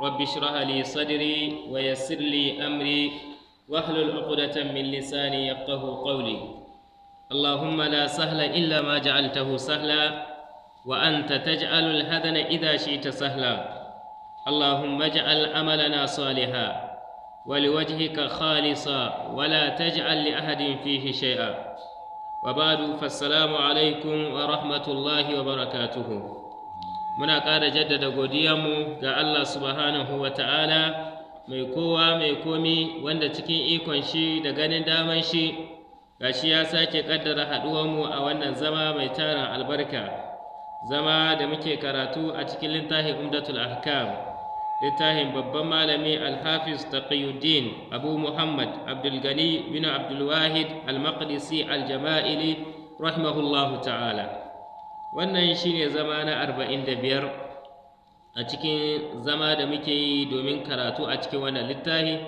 رب اشرح لي صدري ويسر لي أمري واحلل عقدة من لساني يفقه قولي اللهم لا سهل إلا ما جعلته سهلا وأنت تجعل الهدن إذا شئت سهلا اللهم اجعل عملنا صالحا ولوجهك خالصا ولا تجعل لأحد فيه شيئا وبعد فالسلام عليكم ورحمة الله وبركاته muna ƙara jaddada godiyanmu ga Allah subhanahu wa ta'ala mai kowa mai komi wanda cikin ikon shi da ganin daman shi gashi ya sake ƙaddara haɗuwanmu a wannan zama mai tarin albarka zama da muke karatu a cikin littafin umdatul ahkam littafin babban malami alhafiz taqiyuddin abu muhammad abdulgani bin abdulwahid al-maqdisi rahimahullahu ta'ala wannan shine zama na arba'in da biyar a cikin zama da muke yi domin karatu a cikin wannan littafi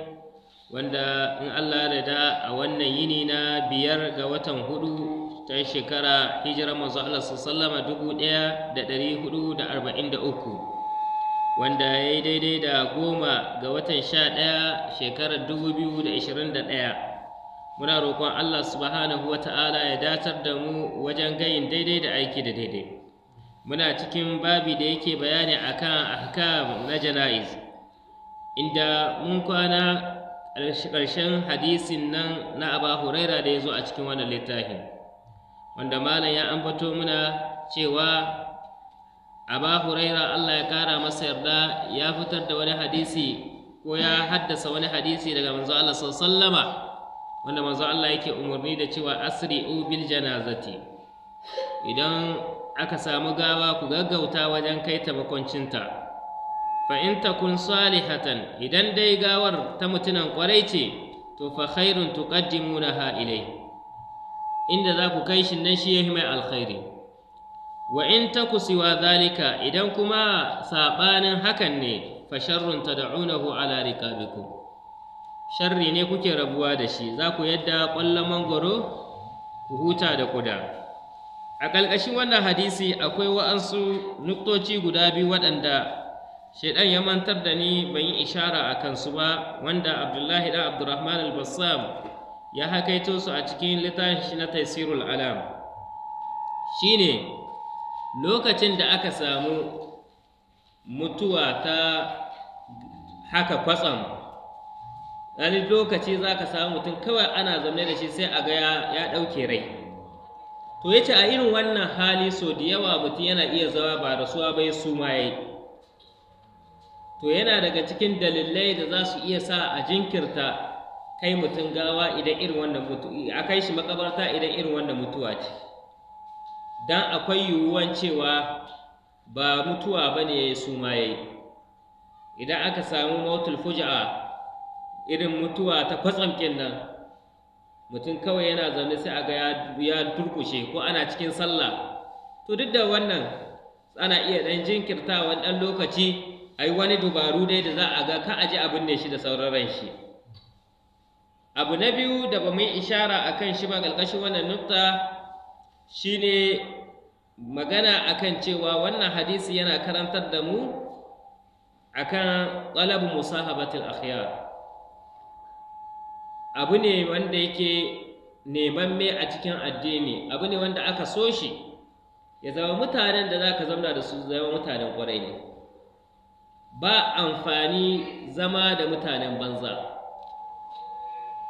wanda in Allah da da a wannan yini na biyar ga watan hudu ta shekara hijirar manzo Allah sallama dubu ɗaya da ɗari hudu da arba'in da uku wanda ya yi daidai da goma ga watan sha ɗaya shekarar dubu biyu da ishirin da ɗaya muna roƙon Allah subhanahu wa Ta'ala ya datar da mu wajen gayin daidai da aiki da daidai muna cikin babi da yake bayani akan ahkam na jana'iz inda mun kwana ƙarshen hadisin nan na aba huraira da ya zo a cikin wannan littafin wanda malam ya ambato muna cewa aba huraira Allah ya kara masa yarda ya fitar da wani hadisi ko ya haddasa wani hadisi daga manzo Allah sallallahu alaihi wasallama wanda manzo Allah yake umarni da cewa asri'u bil janazati idan aka samu gawa ku gaggauta wajen kai ta makoncinta fa in takun salihatan idan dai gawar ta mutunan kwarai ce to fa khairun tuqaddimunaha ilai inda za ku kai shi nan shi yi mai alkhairi wa in taku siwa zalika idan kuma sabanin hakan ne fa sharrun tad'unahu ala riqabikum sharri ne kuke rabuwa da shi za ku yadda ƙwallon mangoro ku huta da kuda a ƙarƙashin wannan hadisi akwai wa'ansu nuktoci guda biyu waɗanda shaidan ya mantar da ni ban yi ishara a kansu ba wanda abdullahi ɗan abdurrahman al ya hakaito su a cikin littafin na taisirul alam shine lokacin da aka samu mutuwa ta haka kwatsam wani lokaci za ka samu mutum kawai ana zaune da shi sai a ga ya ɗauke rai to ya ce a irin wannan hali so da yawa mutum yana iya zama ba da suwa bai su yi. to yana daga cikin dalilai da za su iya sa a jinkirta kai mutum gawa idan irin wannan mutuwa a kai shi makabarta idan irin wannan mutuwa ce Dan akwai yiwuwan cewa ba mutuwa ba ne ya su yi. idan aka samu mautul fuja'a irin mutuwa ta kwatsam nan mutum kawai yana zaune sai a ga ya durkushe ko ana cikin sallah to duk da wannan ana iya ɗan jinkirtawa ɗan lokaci a yi wani dubaru dai da za a ga ka aji abin ne shi da sauran shi abu na biyu da ba mu yi ishara a kan shi ba ƙarƙashin wannan nukta shi ne magana a kan cewa wannan hadisi yana karantar da mu a kan ɗalabu musahabatul akhyar abu ne wanda yake neman me a cikin addini abu ne wanda aka so shi ya zama mutanen da za ka zauna da su zama mutanen kwarai ne ba amfani zama da mutanen banza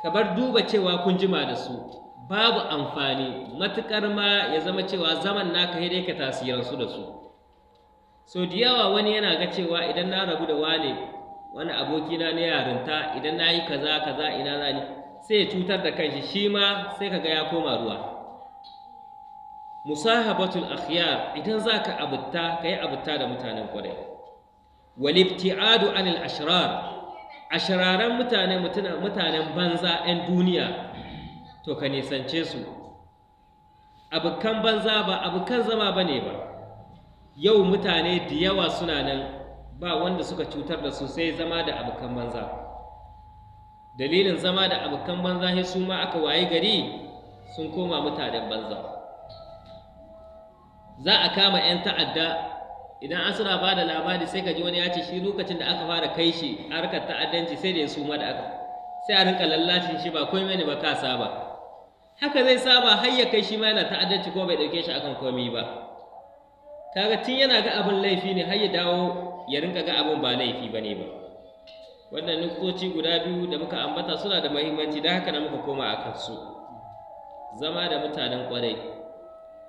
ka bar duba cewa kun jima da su babu amfani matuƙar ma ya zama cewa zaman naka dai ka tasiransu da su so da yawa wani yana ga cewa idan na rabu da wane wani abokina na yarinta idan na yi kaza kaza ina za ni sai cutar da kanshi shi ma sai ka ga ya koma ruwa musahabatul akhyar idan za ka abutta ka yi abutta da mutanen kwarai walibti'adu anil ashrar Ashiraren mutane mutanen banza 'yan duniya to ka nisance su abokan banza ba abukan zama ba ne ba yau mutane da yawa suna nan ba wanda suka cutar da su sai zama da abukan banza dalilin zama da abokan banza su ma aka waye gari sun koma mutanen banza za a kama 'yan ta'adda idan an suna ba da labari sai ka ji wani ya ce shi lokacin da aka fara kai shi a harkar ta'addanci sai da ya suma da aka sai a rinka lallacin shi ba komai ne ba ka saba haka zai saba har ya kai shi ma yana ta'addanci ko bai dauke shi akan komai ba kaga tun yana ga abin laifi ne har ya dawo ya rinka ga abin ba laifi bane ba wannan nukoci guda biyu da muka ambata suna da mahimmanci da haka na muka koma a kansu zama da mutanen kwarai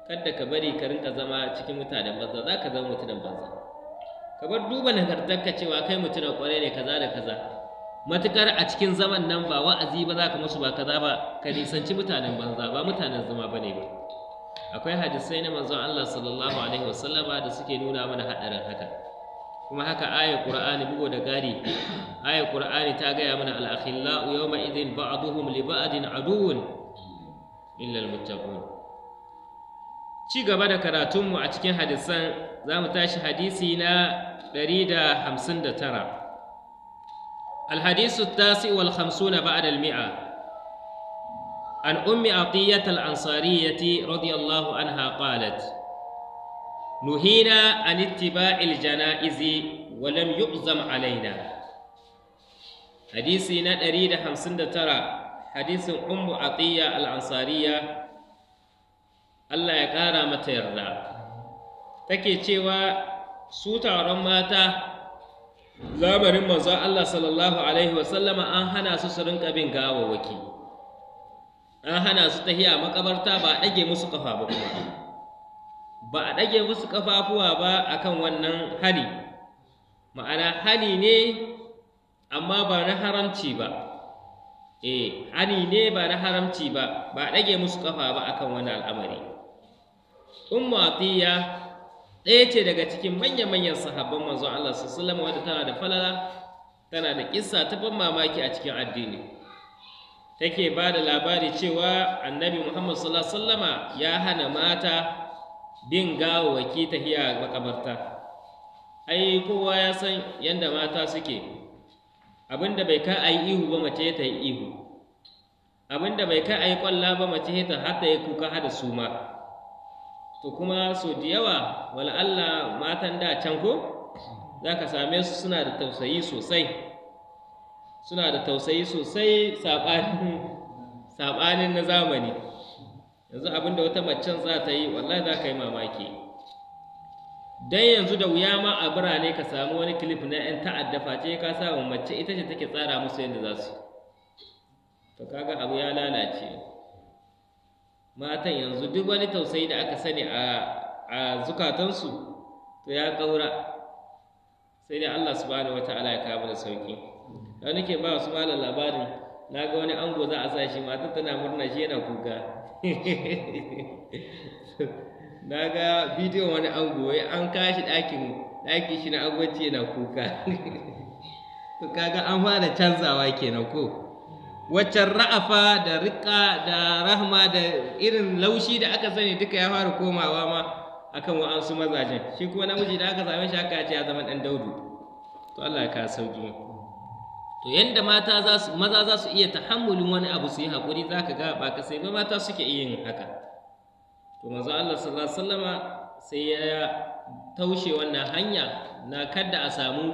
kada ka bari ka rinka zama cikin mutanen banza za ka zama mutanen banza ka bar duba nagartarka cewa kai mutanen kwarai ne kaza da kaza matukar a cikin zaman nan ba wa'azi ba za ka musu ba kaza ba ka nisanci mutanen banza ba mutanen zama ba ne ba akwai hadisai na manzon Allah sallallahu alaihi wasallama da suke nuna mana haɗarin haka kuma haka ayar qur'ani bugo da gari ayar qur'ani ta gaya mana al-akhillau yawma idhin ba'duhum li ba'din aduwwun illa al-muttaqun ci gaba da karatunmu a cikin hadisan zamu tashi hadisi na 159 al-hadisu at-tasi wal 50 ba'da al-mi'a عن أم عطية الأنصارية رضي الله عنها قالت nuhina an ittiba'il janaizi wa lam yu'zam alaina hadisi na ɗari da 159 hadisin ummu atiya al-ansariya Allah ya ƙara mata yarda take cewa su taron mata zamanin manzon Allah sallallahu alaihi wa an hana su su rinka bin gawawaki an hana su tahiya makabarta ba a ɗage musu kafa ba kuma ba a ɗage musu ƙafafuwa ba akan wannan hali ma'ana hali ne amma ba na haramci ba e hali ne ba na haramci ba ba ɗage musu ƙafa ba kan wani al'amari ummu ɗaya ce daga cikin manya-manyan sahabban manzon Allah sallallahu alaihi tana da falala tana da ƙisa ta ban mamaki a cikin addini take ba da labari cewa annabi Muhammad sallallahu alaihi wasallama ya hana mata bin gawawaki ta hiya makabarta ai kowa ya san yadda mata suke abinda bai ka ayi ihu ba mace ta yi ihu abinda bai ka ayi kwalla ba mace ta hata ya kuka hada su ma to kuma so da yawa wala Allah matan da can ko za ka same su suna da tausayi sosai suna da tausayi sosai saɓanin na zamani yanzu abin da wata macen za ta yi wallahi za ka yi mamaki dan yanzu da wuya ma a birane ka samu wani kilif na 'yan ta'adda face ka samu mace ita ce take tsara musu yadda za su to kaga abu ya lalace matan yanzu duk wani tausayi da aka sani a zukatansu to ya kaura sai dai Allah subhanahu wata'ala ya kawo da sauki da nake ba su malam labarin na ga wani ango za a sa shi matan tana murna shi yana kuka na ga bidiyon wani ango ya an kashi ɗakin ɗakin shi na agwaci yana kuka to kaga an fara canzawa kenan ko waccan ra'afa da riƙa da rahma da irin laushi da aka sani duka ya fara komawa ma akan wa'ansu mazajen shi kuma namiji da aka same shi aka ce ya zama ɗan daudu to Allah ka sauki to yanda mata za su maza za su iya tahammulin wani abu su yi hakuri za ka ga ba ka sai ba mata suke iya yin haka to maza Allah sallallahu alaihi wasallama sai ya taushe wannan hanya na kadda a samu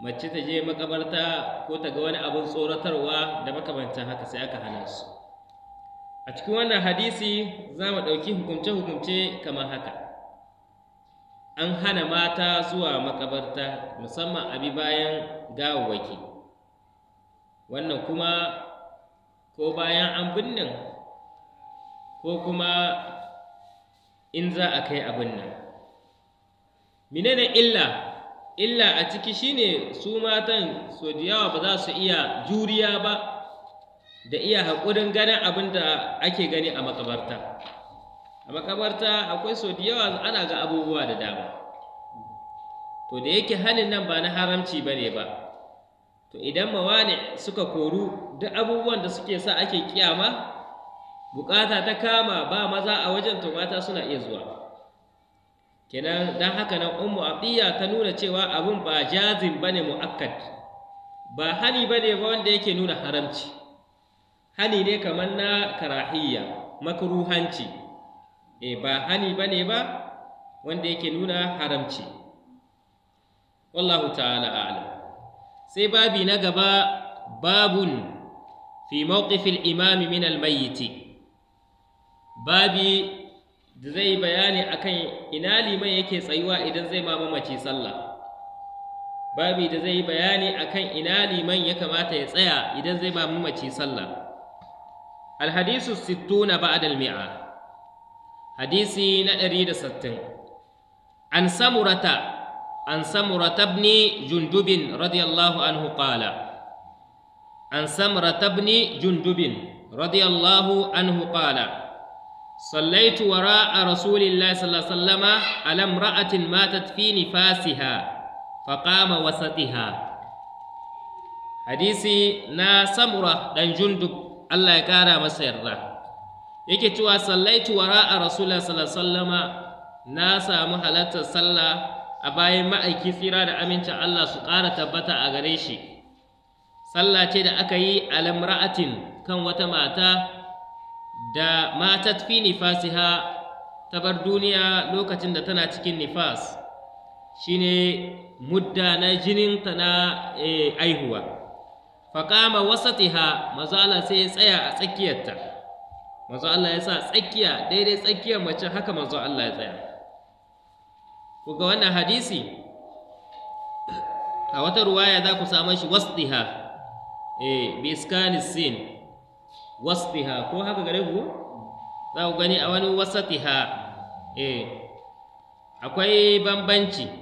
mace ta je makabarta ko ta ga wani abin tsoratarwa da makamantan haka sai aka hana su a cikin wannan hadisi za mu ɗauki hukumce-hukumce kamar haka an hana mata zuwa makabarta musamman abi bayan gawawwaki wannan kuma ko bayan an binnin ko kuma in za a kai abin nan menene illa illa a ciki shine su matan so da yawa ba za su iya juriya ba da iya haƙurin ganin abin da ake gani a makabarta a makabarta akwai so da yawa ana ga abubuwa da dama to da yake halin nan ba na haramci ba ne ba to idan mawani suka koru duk abubuwan da suke sa ake kiyama bukata ta kama ba maza a wajen to mata suna iya zuwa kenan dan haka nan ummu abdiya ta nuna cewa abun ba jazim bane mu'akkad ba hani bane ba wanda yake nuna haramci hani ne kamar na karahiyya makruhanci e ba hani bane ba wanda yake nuna haramci wallahu ta'ala a'lam sai babi na gaba babun fi mawqifil imami min almayyiti babi da zai bayani akan ina liman yake tsayuwa idan zai ma mamaci sallah babi da zai bayani akan ina liman ya kamata ya tsaya idan zai ma mamaci sallah alhadisu sittuna ba'da almi'a hadisi na 160 an samurata عن سمرة بن جندب رضي الله عنه قال عن سمرة بن جندب رضي الله عنه قال صليت وراء رسول الله صلى الله عليه وسلم على امرأة ماتت في نفاسها فقام وسطها hadisi na samura dan jundub Allah ya ƙara masa yarda yake cewa sallaitu wara'a rasulullah sallallahu alaihi wasallama na samu halartar sallah a bayan ma'aiki tsira da amincin Allah su ƙara tabbata a gare shi sallah ce da aka yi alamra'atin kan wata mata da matat fi nifasiha ta bar duniya lokacin da tana cikin nifas shine mudda na jinin ta na e, aihuwa faƙama wasatiha maza Allah sai ya tsaya a tsakiyarta maza Allah ya sa tsakiya daidai tsakiyar mace haka maza Allah ya tsaya kuga wannan hadisi a wata ruwaya za ku samun shi wasdiha eh biskanisin iskanis wasdiha ko haka gare ku za ku gani a wani wasatiha eh akwai bambanci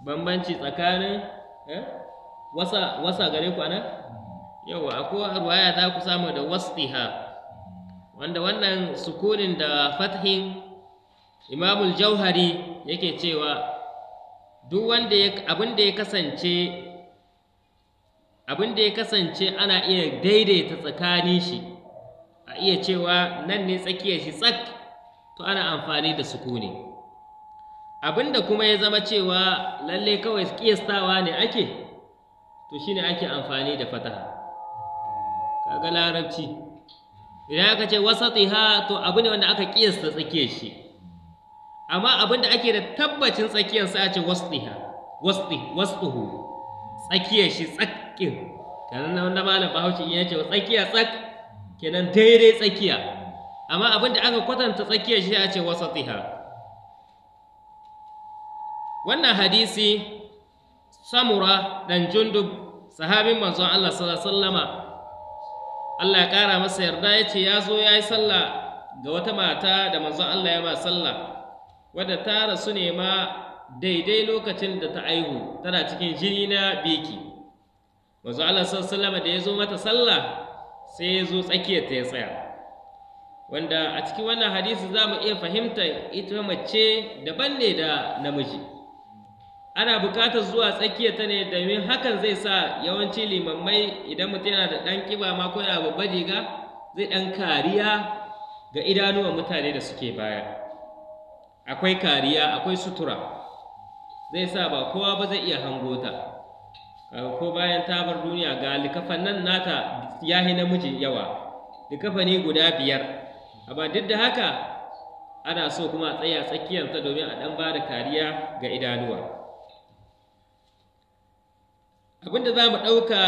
bambanci tsakanin eh, wasa wasa gare ku anan yawa akwai ruwaya za ku samu da wasdiha wanda wannan sukunin da fathin imamul jauhari yake cewa duk wanda abin da ya kasance abin da ya kasance ana iya daidaita tsakanin shi a iya cewa nan ne tsakiyar shi tsak to ana amfani da sukuni abin da kuma ya zama cewa lalle kawai kiyastawa ne ake to shine ake amfani da fataha kaga larabci idan aka ce wasatiha to abu ne wanda aka kiyasta tsakiyar shi amma abin da ake da tabbacin tsakiyar sa a ce wasu tsakiyar shi tsakin kanan na wanda malam Bahaushe ya ce tsakiya tsak kenan daidai tsakiya amma abin da aka kwatanta tsakiyar shi a ce wasatiha wannan hadisi samura dan jundub sahabin manzon Allah sallallahu alaihi Allah ya kara masa yarda ya ce ya zo ya yi sallah ga wata mata da manzon Allah ya ba sallah wadda ta rasu ne ma daidai lokacin da ta aihu tana cikin jini na biki manzo Allah sallallahu da ya zo mata sallah sai ya zo Tsakiya ta ya tsaya wanda a cikin wannan hadisi za mu iya fahimta ita mace daban ne da namiji ana bukatar zuwa Tsakiya ta ne domin hakan zai sa yawanci limammai idan mutum yana da ɗan ƙiba ma ko yana babba riga zai ɗan kariya ga idanuwan mutane da suke baya akwai kariya akwai sutura zai sa ba kowa ba zai iya hango ta ko bayan ta bar duniya ga likafan nan nata yahi namiji yawa likafani guda biyar amma duk da haka ana so kuma a tsaya tsakiyarta domin a ɗan ba da kariya ga idanuwa abinda za mu ɗauka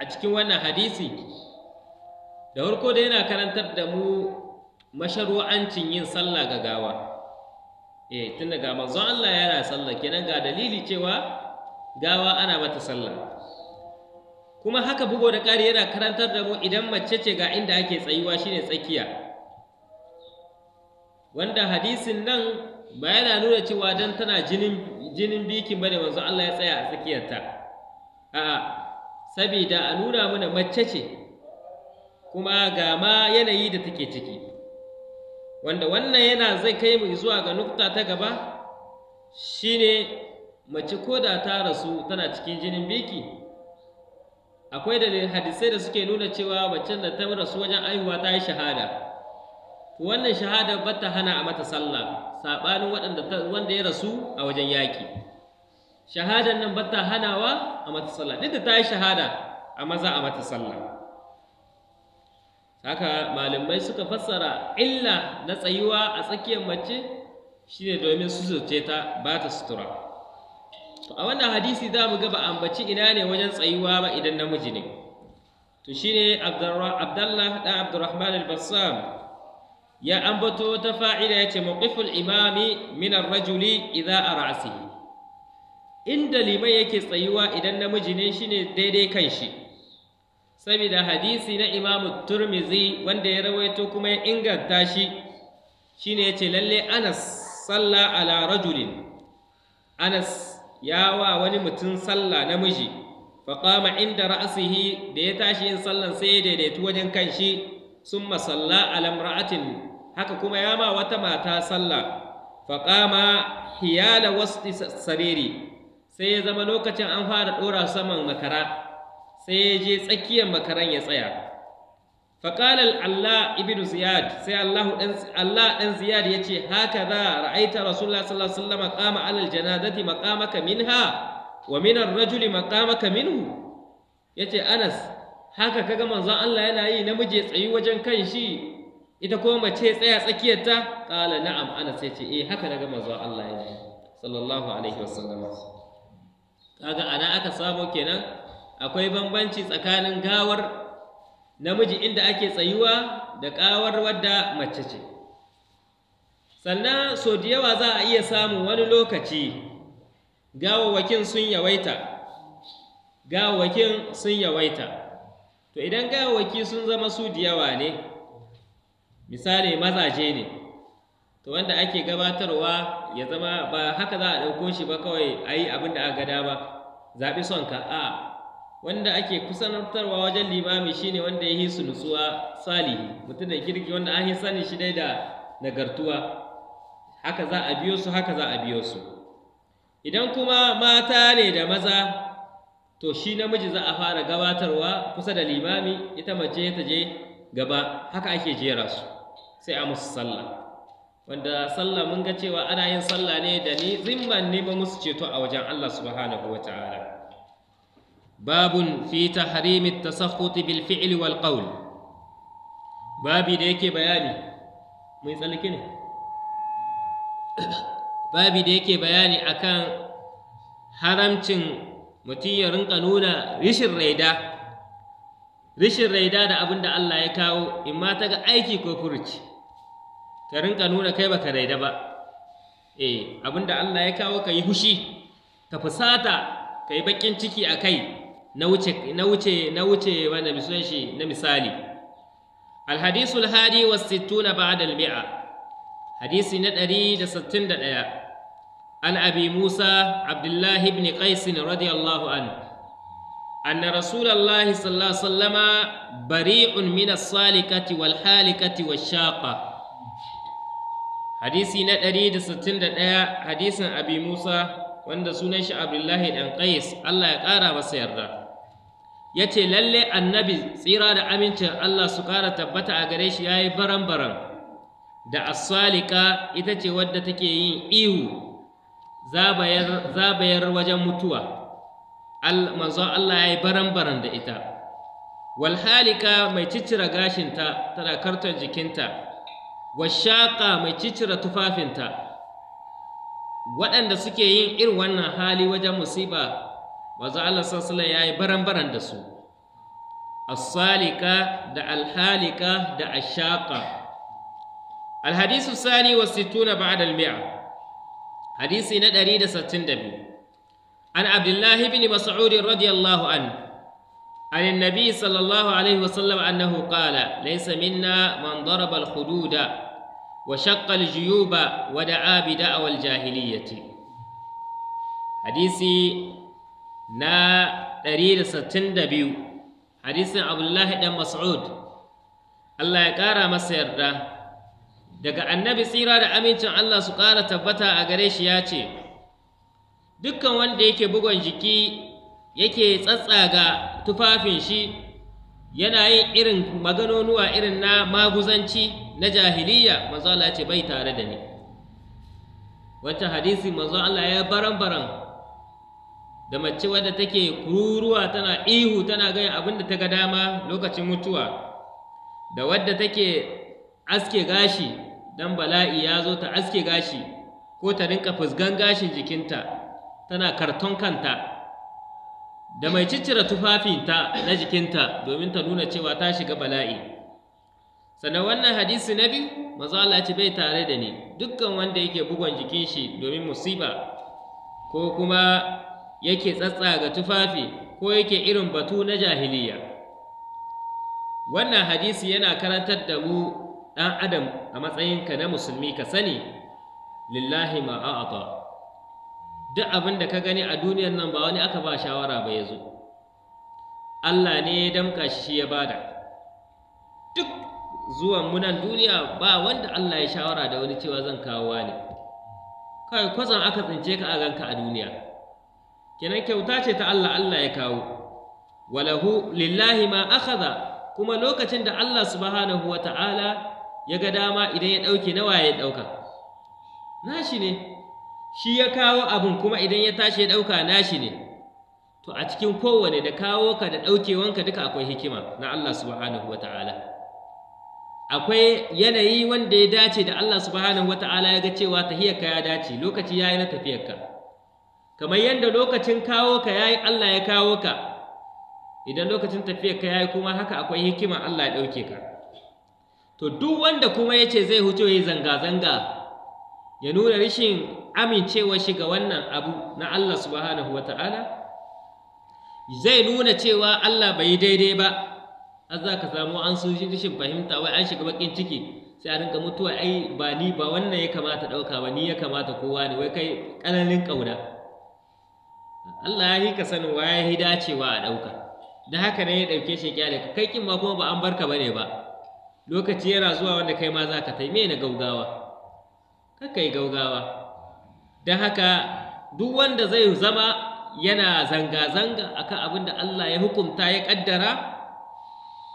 a cikin wannan hadisi da farko da yana karantar da mu masharu'ancin yin sallah ga gawa eh tun daga manzon Allah yana sallah kenan ga dalili cewa gawa ana mata sallah kuma haka bugo da ƙari yana karantar da mu idan mace ce ga inda ake tsayuwa shine tsakiya wanda hadisin nan ba yana nuna cewa dan tana jinin jinin bikin bane manzo Allah ya tsaya a tsakiyarta a'a saboda a nuna mana mace ce kuma ga ma yanayi da take ciki wanda wannan yana zai kai mu zuwa ga nukta ta gaba shine mace ko da ta rasu tana cikin jinin biki akwai da hadisai da suke nuna cewa macen da ta rasu wajen aihuwa ta yi shahada wannan shahada ba ta hana a mata sallah saɓanin wanda ya rasu a wajen yaƙi shahadan nan ba ta hanawa a mata sallah duk da ta yi shahada a maza a mata sallah haka malamai suka fassara illa na tsayuwa a tsakiyar mace shine domin suturce ta ba ta sutura a wannan hadisi za mu gaba ambaci ina ne wajen tsayuwa ba idan namiji ne to shine abdallah da abdurrahman al-bassam ya ambato ta fa'ida yace mawqiful imami minar rajuli idan a ra'asi inda liman yake tsayuwa idan namiji ne shine daidai kan shi saboda hadisi na imamu turmizi wanda ya rawaito kuma ya inganta shi shine yace lalle anas salla ala rajulin anas ya wa wani mutum sallah namiji faƙama inda ra'asihi da ya tashi yin sallan sai ya daidaitu wajen kan shi sun masalla alamra'atin haka kuma ya ma wata mata sallah faƙama hiyala wasu sariri sai ya zama lokacin an fara ɗora saman makara sai ya je tsakiyar makaran ya tsaya faƙalar Allah ibn Ziyad sai Allah ɗan Ziyad ya ce haka za ra'aita Rasulullah sallallahu alaihi wasallam maƙama alal janazati min minha wa min ar-rajuli min? minhu yace Anas haka kaga manzon Allah yana yi namiji tsayi wajen kan shi ita ko mace tsaya tsakiyar ta qala na'am Anas yace eh haka naga manzon Allah yana sallallahu alaihi wasallam kaga ana aka samu kenan akwai bambanci tsakanin gawar namiji inda ake tsayuwa da kawar wadda mace ce sannan so da yawa za a iya samun wani lokaci gawawakin sun yawaita gawawakin sun yawaita to idan gawawaki sun zama su da yawa ne misali mazaje ne to wanda ake gabatarwa ya zama ba haka za a ɗauko shi ba kawai a yi abin da aka gada ba zaɓi son ka a wanda ake kusantarwa wajen limami shine wanda ya yi su nutsuwa salihi mutum da kirki wanda an yi sani shi dai da nagartuwa haka za a biyo su haka za a biyo su idan kuma mata ne da maza to shi namiji za a fara gabatarwa kusa da limami ita mace ta je gaba haka ake jera su sai a musu sallah wanda sallah mun ga cewa ana yin sallah ne da ni zimman ba musu ceto a wajen Allah subhanahu wataala babun fi tahrimi tasakhuti bil fi'li wal qawl babi yake bayani mai tsalki ne babi yake bayani akan haramcin mutum ya rinka nuna rishin raida rishin raida da abin Allah ya kawo in ma ta ga aiki ko furuci ka rinka nuna kai baka raida ba eh abinda Allah ya kawo ka yi hushi ka fusata ka yi bakin ciki a kai na wuce na wuce mana sunan shi na misali alhadisu alhadi wa sittuna ba'da almi'a hadisi na 161 an abi musa abdullahi ibn qais radiyallahu an أن رسول الله صلى الله عليه وسلم بريء من الصالكة والحالكة والشاقة حديث نتريد ستند حديث أبي موسى وأن سنش عبد الله أن قيس الله يقارى وسيره ya ce lalle annabi tsira da amincin Allah su ƙara tabbata a gare shi ya yi baran-baran da asalika ita ce wadda take yin ihu zabayar wajen mutuwa manzon Allah ya yi baran-baran da ita walhalika mai ciccira gashinta tana karton jikinta washaƙa mai ciccira tufafinta waɗanda suke yin irin wannan hali wajen musiba manzo Allah sallallahu yi yayi baran-baran da su as-salika da al-halika da ashaqa al-hadisu sani wa sittuna ba'da al-mi'a hadisi na 162 an abdullah ibn mas'ud radiyallahu anhu عن النبي صلى الله عليه وسلم أنه قال ليس منا من ضرب الخدود وشق الجيوب ودعا بدعوى الجاهلية Hadisi. na 162 hadisin abdullahi dan mas'ud Allah ya ƙara masa yarda daga annabi tsira da amincin Allah su ƙara tabbata a gare shi ya ce dukkan wanda yake bugon jiki yake tsatsaga tufafin shi yana yin irin maganonuwa irin na maguzanci na jahiliya manzo Allah ya ce bai tare da ni wancan hadisi manzo Allah ya baran baran da mace wadda take kururuwa tana ihu tana gaya abin da ta ga dama lokacin mutuwa da wadda take aske gashi dan bala'i ya zo ta aske gashi ko ta rinka fusgan gashin jikinta tana karton kanta da mai ciccire tufafinta na jikinta domin ta nuna cewa ta shiga bala'i sannan wannan hadisi na biyu maza Allah ci bai tare da ni dukkan wanda yake bugon jikin shi domin musiba ko kuma yake tsatsa ga tufafi ko yake irin batu na jahiliya wannan hadisi yana karantar da mu ɗan adam a matsayinka na musulmi ka sani lillahi ma a'ata duk abin da ka gani a duniyar nan ba wani aka ba shawara ba ya zo Allah ne ya damka shi ya bada duk zuwan munan duniya ba wanda Allah ya shawara da wani cewa zan kawo ne Kawai kwazan aka tsince ka a ganka a duniya kenan kyauta ce ta Allah Allah ya kawo walahu lillahi ma akhadha kuma lokacin da Allah subhanahu ta'ala ya ga dama idan ya dauke nawa ya dauka nashi ne shi ya kawo abun kuma idan ya tashi ya ɗauka, nashi ne to a cikin kowane da kawo ka da daukewanka duka akwai hikima na Allah subhanahu ta'ala. akwai yanayi wanda ya dace da Allah subhanahu ta'ala ya ga cewa tahiyarka ya dace lokaci yayi na tafiyarka kamar yadda lokacin kawo ka ya yi Allah ya kawo ka idan lokacin tafiyar ka ya yi kuma haka akwai hikima Allah ya ɗauke ka to duk wanda kuma ya ce zai huto ya zanga-zanga ya nuna rashin amincewa shi ga wannan abu na Allah subhanahu wa ta'ala zai nuna cewa Allah bai yi daidai ba har za ka samu an sun rashin fahimta wai an shiga bakin ciki sai a rinka mutuwa ai ba ni ba wannan ya kamata ɗauka ba ni ya kamata kowa ne wai kai ƙananin ƙauna Allah ya ka sanin wa ya dacewa a ɗauka da haka ne ya ɗauke shi kyale ka kai kin ma kuma ba an barka bane ba lokaci yana zuwa wanda kai ma za ka tai na gaugawa ka yi gaugawa don haka duk wanda zai zama yana zanga-zanga akan abin da Allah ya hukunta ya ƙaddara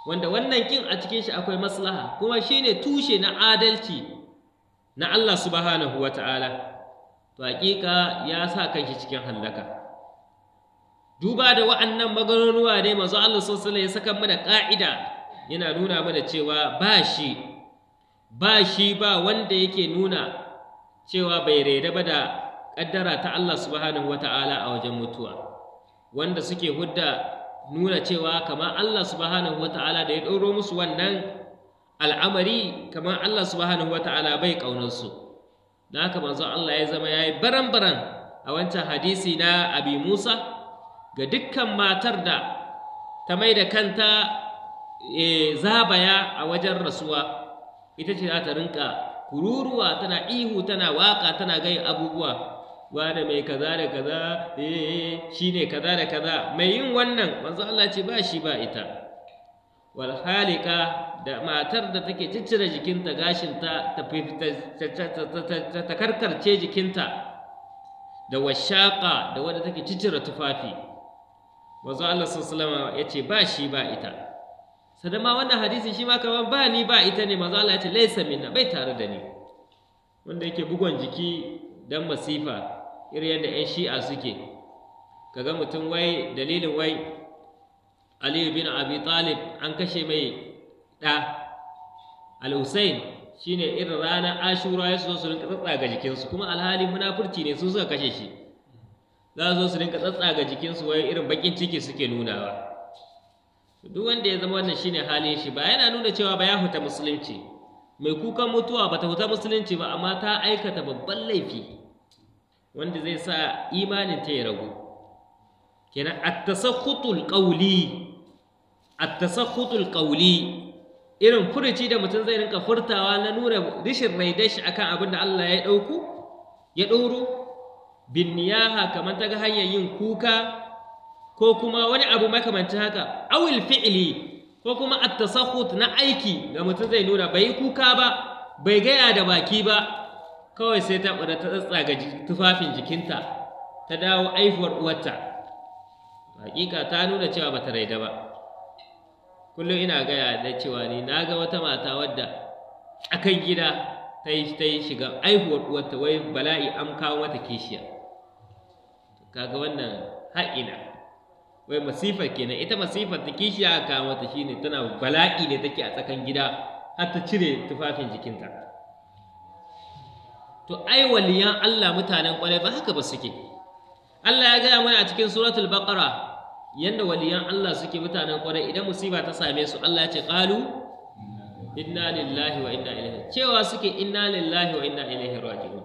wanda wannan kin a cikin shi akwai maslaha kuma shi ne tushe na adalci na Allah subhanahu Ta'ala. to hakika ya sa kanshi cikin hallaka duba da wa'annan maganunuwa ne mazu Allah sallallahu ya saka mana ƙa'ida, yana nuna mana cewa ba shi ba shi ba wanda yake nuna cewa bai reda ba da ƙaddara ta Allah subhanahu ta'ala a wajen mutuwa wanda suke hudda nuna cewa kamar Allah subhanahu ta'ala da ya ɗauro musu wannan al'amari kamar Allah subhanahu ta'ala bai ƙaunarsu da haka manzo Allah ya zama ya yi baran-baran a wancan hadisi na abi Musa ga dukkan matar da ta mai da kanta e zabaya a wajen rasuwa ita ce za ta rinka kururuwa tana ihu tana waka tana gai abubuwa wane mai kaza da kaza e, shi ne kaza da kaza mai yin wannan manzo Allah ce ba shi ba ita Walhalika, da matar da take ciccire jikinta gashinta ta ta karkarce jikinta da washaka da wadda take ciccire tufafi manzo Allah sallallahu ya ce ba shi ba ita sannan ma wannan hadisi shi ma kaman ba ni ba ita ne manzo Allah yace laysa laisa minna bai tare da ni wanda yake bugon jiki dan masifa irin yadda 'yan shi'a suke kaga mutum wai dalilin wai Ali bin Abi Talib an kashe mai ɗa. al husayn shine irin ranar Ashura ya so su rinka tsatsaga jikinsu kuma alhali munafurci ne su suka kashe shi za su zo su rinka tsatsaga jikinsu wai irin bakin ciki suke nunawa duk wanda ya zama wannan shine halin shi ba yana nuna cewa ba ya huta musulunci mai kukan mutuwa ba ta huta musulunci ba amma ta aikata babban laifi wanda zai sa imanin ta ya ragu kenan attasakutul tasakhutul qawli at qawli irin furuci da mutum zai rinka furtawa na nuna rishin rai-dashi raidashi akan abin da Allah ya dauko ya ɗoro bin niyaha kamar ta ga hanyar yin kuka ko kuma wani abu makamancin haka awil fi'li ko kuma at tasakhut na aiki ga mutum zai nuna bai kuka ba bai gaya da baki ba kawai sai ta bada ta tsatsaga tufafin jikinta ta dawo aifuwar uwarta hakika ta nuna cewa bata raida ba kullum ina gaya da cewa ni na ga wata mata wadda akan gida ta yi shiga aihuwar uwarta wai bala'i an kawo mata kishiya kaga wannan ha'ina wai masifa kenan ita masifar ta kishi aka kawo mata shine tana bala'i ne take a tsakan gida har ta cire tufafin jikinta to ai waliyan Allah mutanen kwarai ba haka ba suke Allah ya gaya mana a cikin suratul baqara yanda waliyan Allah suke mutanen kwarai idan musiba ta same su Allah ya ce qalu inna lillahi wa inna ilaihi cewa suke inna lillahi wa inna ilaihi raji'un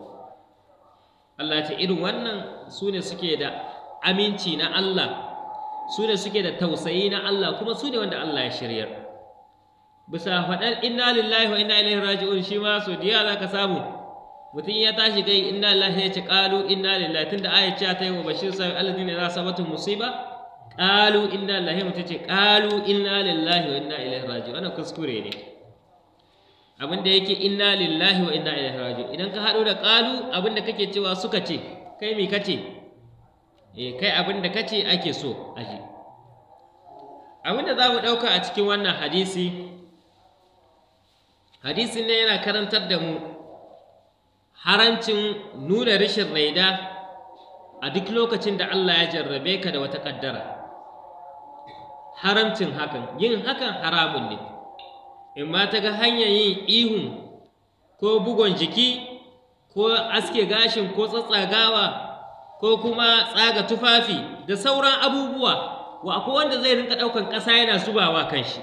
Allah ce irin wannan su ne suke da aminci na Allah su ne suke da tausayi na Allah kuma su ne wanda Allah ya shiryar bisa faɗar inna lillahi wa inna ilaihi raji'un shi ma so diya za ka samu mutum ya tashi kai inna lillahi ya ce qalu inna lillahi tunda aya ce ta yi wa bashir sai alladhina za sabatu musiba qalu inna lillahi mutum ce qalu inna lillahi wa inna ilaihi raji'un wannan kuskure ne abin da yake inna lillahi wa inna ilaihi raji'un idan ka hado da qalu abin da kake cewa suka ce kai me kace eh kai abin da kace ake so aje abin da za mu dauka a cikin wannan hadisi hadisi ne yana karantar da mu harancin nuna rashin raida a duk lokacin da Allah ya jarrabe ka da wata ƙaddara. haramcin hakan yin hakan haramun ne in ma ta ga hanyar yin ihu, ko bugon jiki ko aske gashin ko tsatsagawa ko kuma tsaga tufafi da sauran abubuwa wa akwai wanda zai rinka ɗaukan ƙasa yana subawa kan shi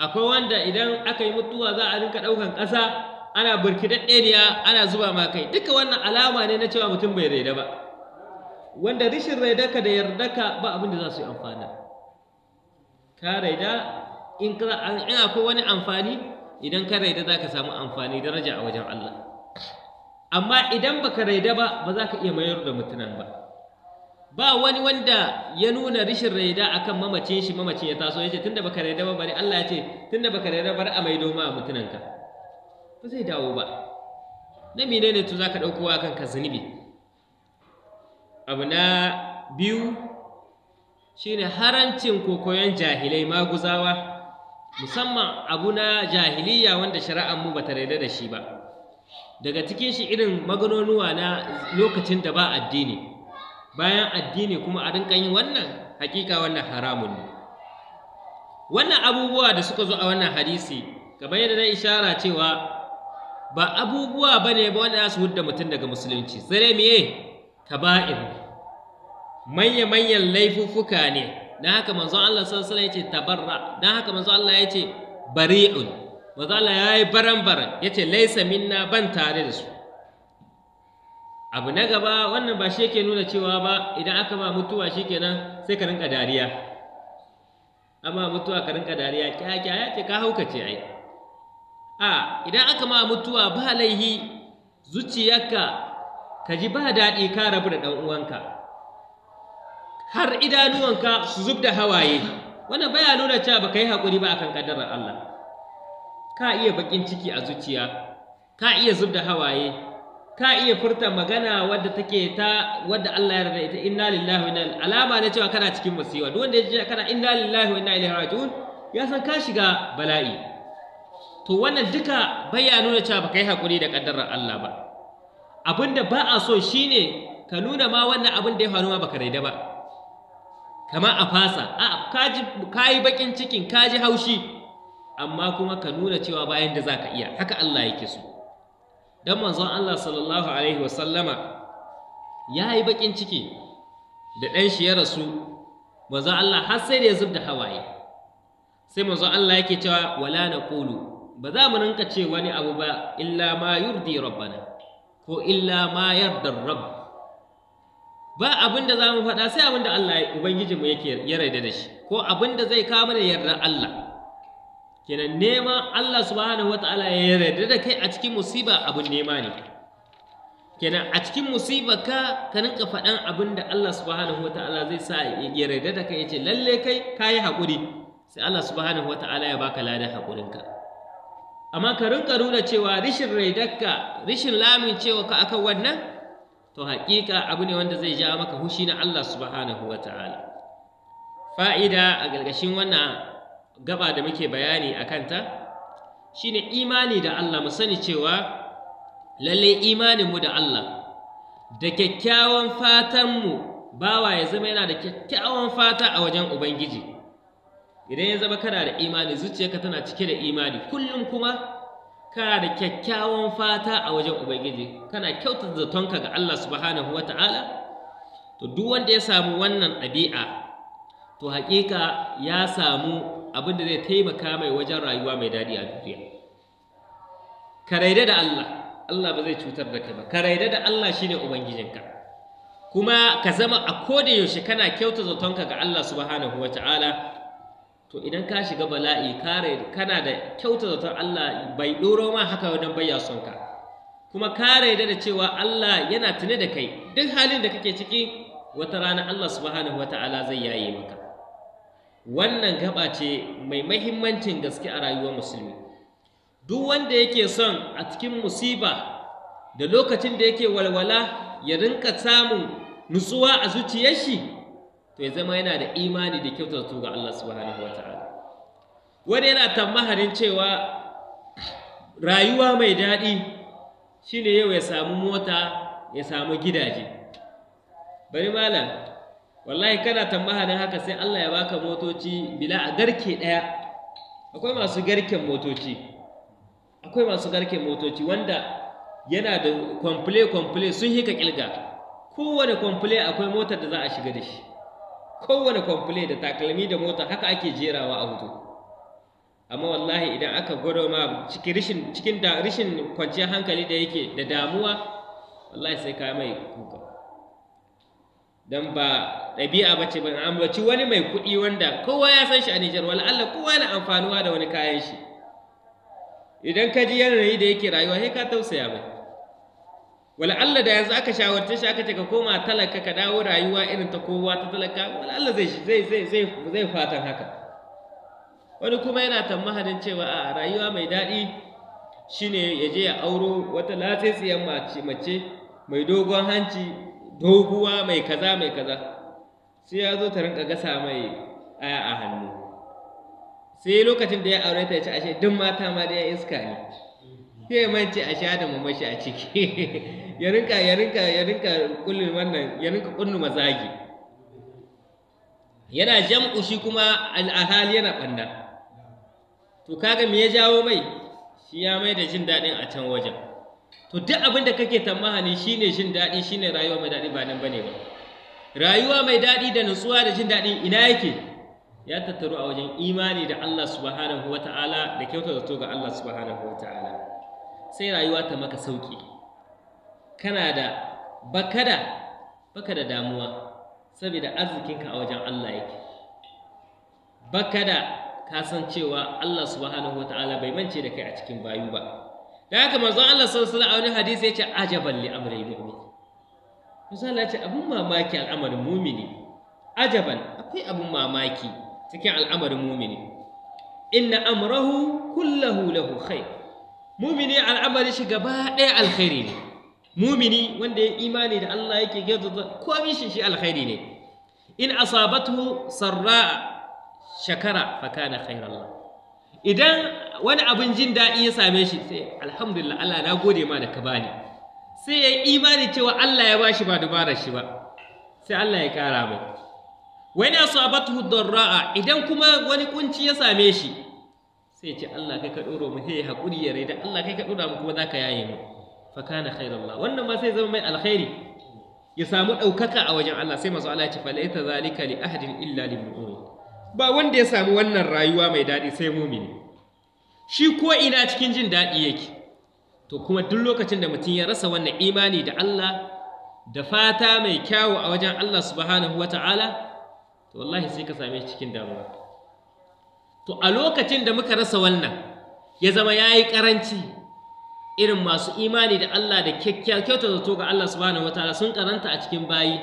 akwai wanda idan aka yi mutuwa za a rinka ɗaukan ƙasa ana burkidaddeniya ana zuba ma kai duka wannan alama ne na cewa mutum bai raida ba wanda rishin raidaka da yardaka ba abin da za su yi amfana ka raida in akwai wani amfani idan ka raida zaka samu amfani daraja a wajen Allah amma idan baka raida ba ba za ka iya mayar da mutunan ba ba wani wanda ya nuna rishin raida akan mamacin shi mamacin ya taso yace tunda baka raida ba bari Allah ya ce tunda baka raida bar a maido ma ka. ba zai dawo ba na ne to zaka dauko wa kanka zunubi abu na biyu shine harancin kokoyon jahilai maguzawa musamman abu na jahiliya wanda shari'ar mu ba ta raida da shi ba daga cikin shi irin maganonuwa na lokacin da ba addini bayan addini kuma a rinka yin wannan hakika wannan haramun ne wannan abubuwa da suka zo a wannan hadisi kamar yadda na ishara cewa ba abubuwa ba ne ba wanda su hudda mutum daga musulunci sai miye ba'in manya-manyan laifuffuka ne dan haka manzo Allah sallallahu alaihi wasallam yace tabarra dan haka manzo Allah yace bari'un manzo Allah yayi baran baran yace laysa minna ban tare da su abu na gaba wannan ba shi yake nuna cewa ba idan aka ba mutuwa shikenan sai ka rinka dariya amma mutuwa ka rinka dariya kyakya ya ce ka ce ai a idan aka ma mutuwa ba laihi zuciyarka ka ji ba daɗi ka rabu da ɗan uwanka har idanuwanka su zub da hawaye wannan baya nuna cewa baka yi haƙuri ba akan ƙaddarar Allah ka iya baƙin ciki a zuciya ka iya zub da hawaye ka iya furta magana wadda take ta wadda Allah ya rada ta, inna lillahi wa inna alama na cewa kana cikin musiba duk wanda ya ji kana inna lillahi wa inna ilaihi raji'un ya san ka shiga bala'i to wannan duka baya nuna cewa baka yi haƙuri da ƙaddarar Allah ba abinda ba a so shine ka nuna ma wannan abin da ya faru ma baka raida ba kama a fasa a kaji baƙin bakin cikin kaji haushi amma kuma ka nuna cewa bayan da za ka iya haka Allah yake so don manzon Allah sallallahu alaihi wasallama ya yi bakin ciki da ɗan shi ya rasu manzon Allah har sai da ya zub da hawaye sai manzon Allah yake cewa wala na kulu ba za mu rinka ce wani abu ba illa ma yurdi rabbana ko illa ma yardar rabb ba abin da za mu faɗa sai abin da Allah Ubangijinmu yake ya da shi ko abin da zai kawo mana yardar Allah kenan nema Allah subhanahu wata'ala ya yarda da kai a cikin musiba abin nema ne kenan a cikin musiba ka ka rinka faɗan abin da Allah subhanahu wata'ala zai sa ya yarda da kai ya ce lalle kai kayi hakuri? sai Allah subhanahu wata'ala ya baka ladan haƙurinka amma ka rinka nuna cewa rishin raidarka rishin lamin cewa ka akan wannan to haƙiƙa abu ne wanda zai ja maka hushi na Allah subhanahu wa ta'ala fa'ida a gargashin wannan gaba da muke bayani a kanta shine imani da Allah mu sani cewa lalle imaninmu da Allah da kyakkyawan fatanmu bawa ya zama yana da kyakkyawan fata a wajen Ubangiji idan ya zama kana da imani zuciyarka tana cike da imani kullum kuma kana da kyakkyawan fata a wajen ubangiji kana kyautata zatonka ga Allah subhanahu wata'ala to duk wanda ya samu wannan ɗabi'a to haƙiƙa ya samu abin da zai taimaka mai wajen rayuwa mai daɗi a duniya ka raida da Allah Allah ba zai cutar da kai ba ka raida da Allah shine ubangijinka kuma ka zama a koda yaushe kana kyauta zatonka ga Allah subhanahu wa to idan ka shiga bala'i kare kana da kyauta zaton Allah bai ɗoro ma haka wajen bayya son ka kuma kare da da cewa Allah yana tuni da kai duk halin da kake ciki wata rana Allah subhanahu wata'ala zai yaye maka wannan gaba ce mai mahimmancin gaske a rayuwar musulmi duk wanda yake son a cikin musiba da lokacin da yake walwala ya rinka samun nutsuwa a zuciyar shi to ya zama yana da imani da kyauta ga Allah subhanahu wataala wani yana tambaharin cewa rayuwa mai daɗi shine yau ya samu mota ya samu gidaje bari malam wallahi kana tambaharin haka sai Allah ya baka motoci bila a garke ɗaya akwai masu garken motoci akwai masu garken motoci wanda yana da kwamfule-kwamfule sun hika ƙilga kowane kwamfule akwai motar da za a shiga da shi kowane kwamfule da takalmi da mota haka ake jerawa a hutu amma wallahi idan aka gwado ma cikin da rishin kwanciyar hankali da yake da damuwa wallahi sai ka mai kuka don ba ɗabi'a ba ce ba ambaci wani mai kuɗi wanda kowa ya san shi a Nijar wala Allah kowa na amfanuwa da wani kayan shi idan ka ji yanayi da yake rayuwa sai ka tausaya mai wala Allah da yanzu aka shawarce shi aka ce ka koma talaka ka dawo rayuwa irin ta kowa ta talaka wala Allah zai zai zai zai zai fatan haka wani kuma yana tamahadin cewa a rayuwa mai daɗi shine ya je ya auro wata latsitsiyar mace mai dogon hanci doguwa mai kaza mai kaza sai ya zo ta rinka gasa mai aya a hannu sai lokacin da ya aure ta ya ci ashe duk mata ma da ya iska ne sai mance a sha da mamashi a ciki ya rinka ya rinka ya rinka kullun wannan ya rinka kullu mazagi yana jam'u shi kuma al'ahal yana banda to kaga me ya jawo mai shi ya mai da jin daɗin a can wajen to duk abin da kake ne shine jin daɗi shine rayuwa mai daɗi ba nan bane ba rayuwa mai daɗi da nutsuwa da jin daɗi ina yake ya tattaru a wajen imani da Allah subhanahu wa ta'ala da kyautar zato ga Allah subhanahu wa ta'ala sai rayuwa ta maka sauƙi kana da bakada baka da damuwa saboda arzikinka a wajen Allah yake bakada ka san cewa Allah subhanahu wataala bai mance da kai a cikin bayu ba da haka manzon Allah sallallahu alaihi wasallam hadisi yace ajaban li amril mu'min manzon yace abun mamaki al'amarin mu'mini ajaban akwai abun mamaki cikin al'amarin mu'mini inna amrahu kullahu lahu khair mumini al'amari shi gaba ɗaya alkhairi ne mumini wanda ya imani da Allah yake gaza komi shi shi alkhairi ne in asabatu sarra shakara fa kana idan wani abin jin daɗi ya same shi sai alhamdulillah Allah na gode ma da ka bani sai ya imani cewa Allah ya bashi ba dubarar shi ba sai Allah ya kara mai wani asabatu darra'a idan kuma wani kunci ya same shi sai ce Allah kai ka ɗora mu sai haƙuri ya rai da Allah kai ka ɗora mu kuma za ka yaye mu fa kana Allah. wannan ma sai zama mai alkhairi ya samu ɗaukaka a wajen Allah sai masu Allah ya ce laita zalika li ahadin illa lil mu'min ba wanda ya samu wannan rayuwa mai daɗi sai mumini shi ko ina cikin jin daɗi yake to kuma duk lokacin da mutum ya rasa wannan imani da Allah da fata mai kyawu a wajen Allah subhanahu wata'ala to wallahi sai ka same shi cikin damuwa to a lokacin da muka rasa wannan ya zama ya yi ƙaranci irin masu imani da Allah da kyauta zato ga Allah subhanahu wataala sun karanta a cikin bayi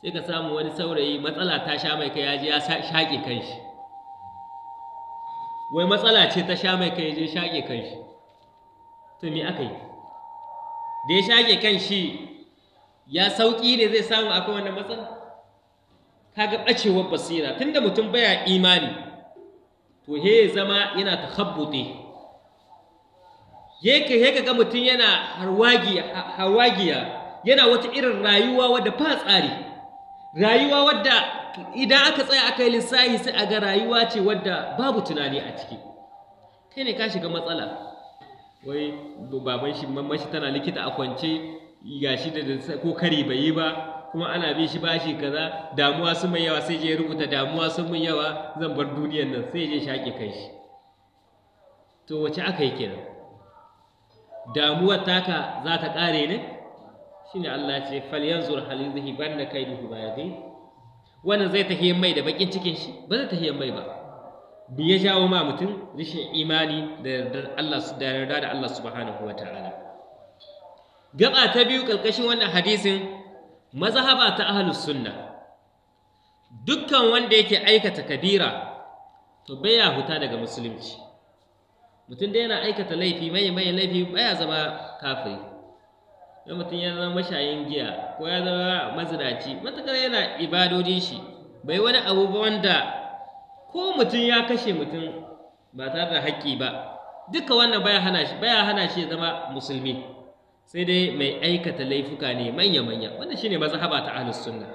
sai ka samu wani saurayi matsala ta sha mai kai ya je ya shaƙe kanshi wai matsala ce ta sha mai kai ya je shaƙe kanshi to me aka yi da ya shaƙe kanshi ya sauƙi ne zai samu akwai wannan matsala kaga ɓacewar basira tunda mutum baya imani to he zama yana takhabbute yake he ga mutum yana harwagiya yana wata irin rayuwa wadda fa tsari rayuwa wadda idan aka tsaya aka yi lissahi sai a ga rayuwa ce wadda babu tunani a ciki kai ne ka shiga matsala wai baban shi mamman tana likita a kwance gashi da ko kare bai yi ba kuma ana bi shi bashi kaza damuwa sun mai yawa sai je rubuta damuwa sun mun yawa zan bar duniyar nan sai je shaƙe kai shi to wace aka yi kenan damuwar taka za ta ƙare ne shine Allah ce fal yanzur hal yuzhi banna kaiduhu bayadi wannan zai tahiyyar mai da bakin cikin shi ba zai tahiyyar mai ba bi ya jawo ma mutum rashin imani da yardar Allah da yarda da Allah subhanahu wataala gaba ta biyu ƙarƙashin wannan hadisin Mazahaba ta ahlus sunna dukkan wanda yake aikata kabira to baya huta daga musulunci mutum da yana aikata laifi mai mai laifi baya zama kafiri don mutum ya zama mashayin giya ko ya zama mazinaci matakar yana ibadodin shi bai wani abubuwan wanda ko mutum ya kashe mutum ba tare da haƙƙi ba duka wannan baya hana shi baya hana shi zama musulmi sai dai mai aikata laifuka ne manya-manya wannan shine mazhaba ta ahlus sunna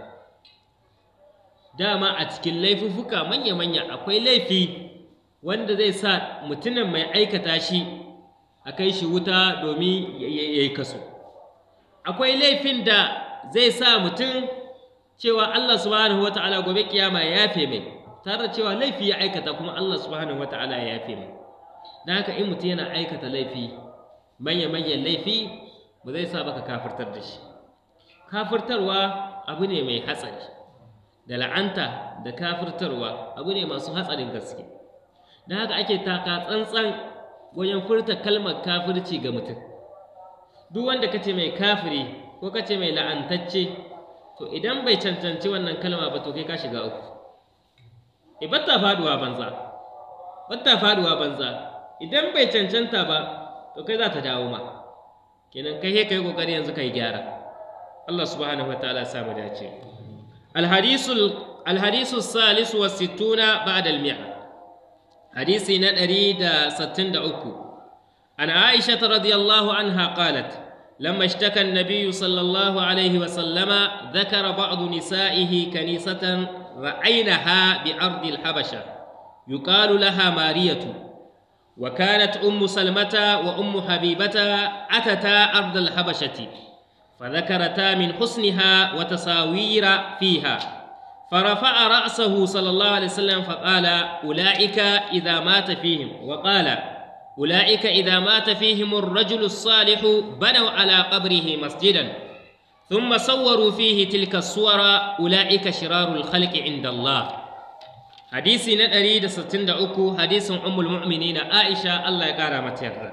dama a cikin laifuka manya-manya akwai laifi wanda zai sa mutumin mai aikata shi a kai shi wuta domin ya yi kaso akwai laifin da zai sa mutum cewa Allah subhanahu wata'ala gobe kiyama ya yafe mai tare da cewa laifi ya aikata kuma Allah subhanahu wata'ala ya yafe mai don haka in mutum yana aikata laifi manya-manyan laifi ba zai sa baka kafirtar da shi kafirtarwa abu ne mai hatsari da la'anta da kafirtarwa abu ne masu hatsarin gaske da haka ake taka tsantsan wajen furta kalmar kafirci ga mutum duk wanda kace mai kafiri ko kace mai la'antacce to idan bai cancanci wannan kalma ba to kai ka shiga uku ibatta eh, faduwa banza batta faduwa banza idan bai cancanta ba to kai za ta dawo ma kenan kai kai kokari yanzu kai gyara Allah subhanahu wa ta'ala sa mu alhadisu alhadisu salisu wa 60 ba'da almi'a hadisi na 163 an aisha radiyallahu anha qalat لما اشتكى النبي صلى الله عليه وسلم ذكر بعض نسائه كنيسة رأينها بأرض الحبشة يقال لها ماريه وكانت أم سلمة وأم حبيبة أتتا أرض الحبشة فذكرتا من حسنها وتصاوير فيها فرفع رأسه صلى الله عليه وسلم فقال أولئك إذا مات فيهم وقال أولئك إذا مات فيهم الرجل الصالح بنوا على قبره مسجدا ثم صوروا فيه تلك الصور أولئك شرار الخلق عند الله hadisi na 163 hadisin ummul mu'minina Aisha Allah ya kara mata yarda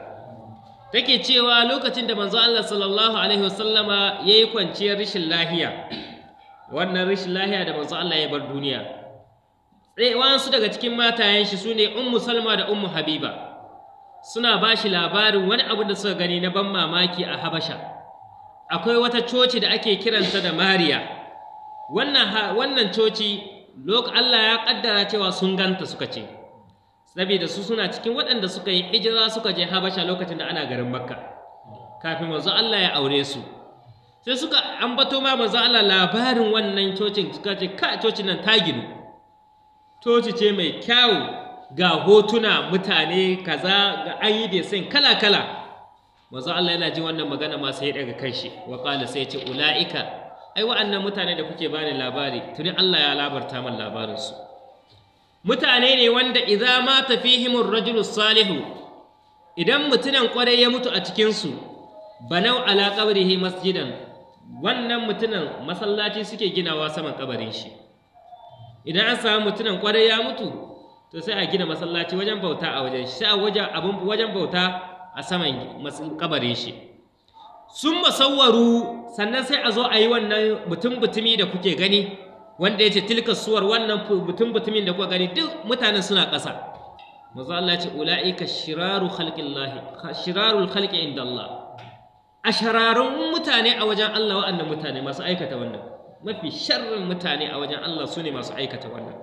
take cewa lokacin da manzo Allah sallallahu alaihi wasallama yayi kwanciyar rishin lahiya wannan rishin lahiya da manzo Allah ya bar duniya sai wasu daga cikin matayen shi sune ummu Salma da ummu Habiba suna bashi labarin wani abu da suka gani na ban mamaki a Habasha akwai wata coci da ake kiranta da Mariya wannan wannan coci Loka Allah ya kaddara cewa sun ganta suka ce saboda su suna cikin waɗanda suka yi hijira suka je Habasha lokacin da ana garin Makka kafin manzo Allah ya aure su sai suka ambato ma manzo Allah labarin wannan cocin suka ce ka cocin nan ta ginu coci ce mai kyau ga hotuna mutane kaza ga ayi da sai kala kala manzo Allah yana ji wannan magana ma sai ya daga kanshi wa qala sai ya ce ulaika ai wa'annan mutane da kuke bani labari tuni Allah ya labarta min labarinsu mutane ne wanda idza ma fihim ar-rajulu salihu idan mutunan kwarai ya mutu a cikin su banau ala qabrihi masjidan wannan mutunan masallaci suke ginawa saman kabarin shi idan an samu mutunan kwarai ya mutu to sai a gina masallaci wajen bauta a wajen shi a wajen abun wajen bauta a saman kabarin shi sun masawwaru sannan sai a zo a yi wannan mutum-mutumi da kuke gani wanda ya ce tilka suwar wannan mutum-mutumin da kuka gani duk mutanen suna ƙasa maza Allah ce ula'ika shiraru shirarul inda Allah a shararun mutane a wajen Allah wa'annan mutane masu aikata wannan mafi sharrin mutane a wajen Allah su ne masu aikata wannan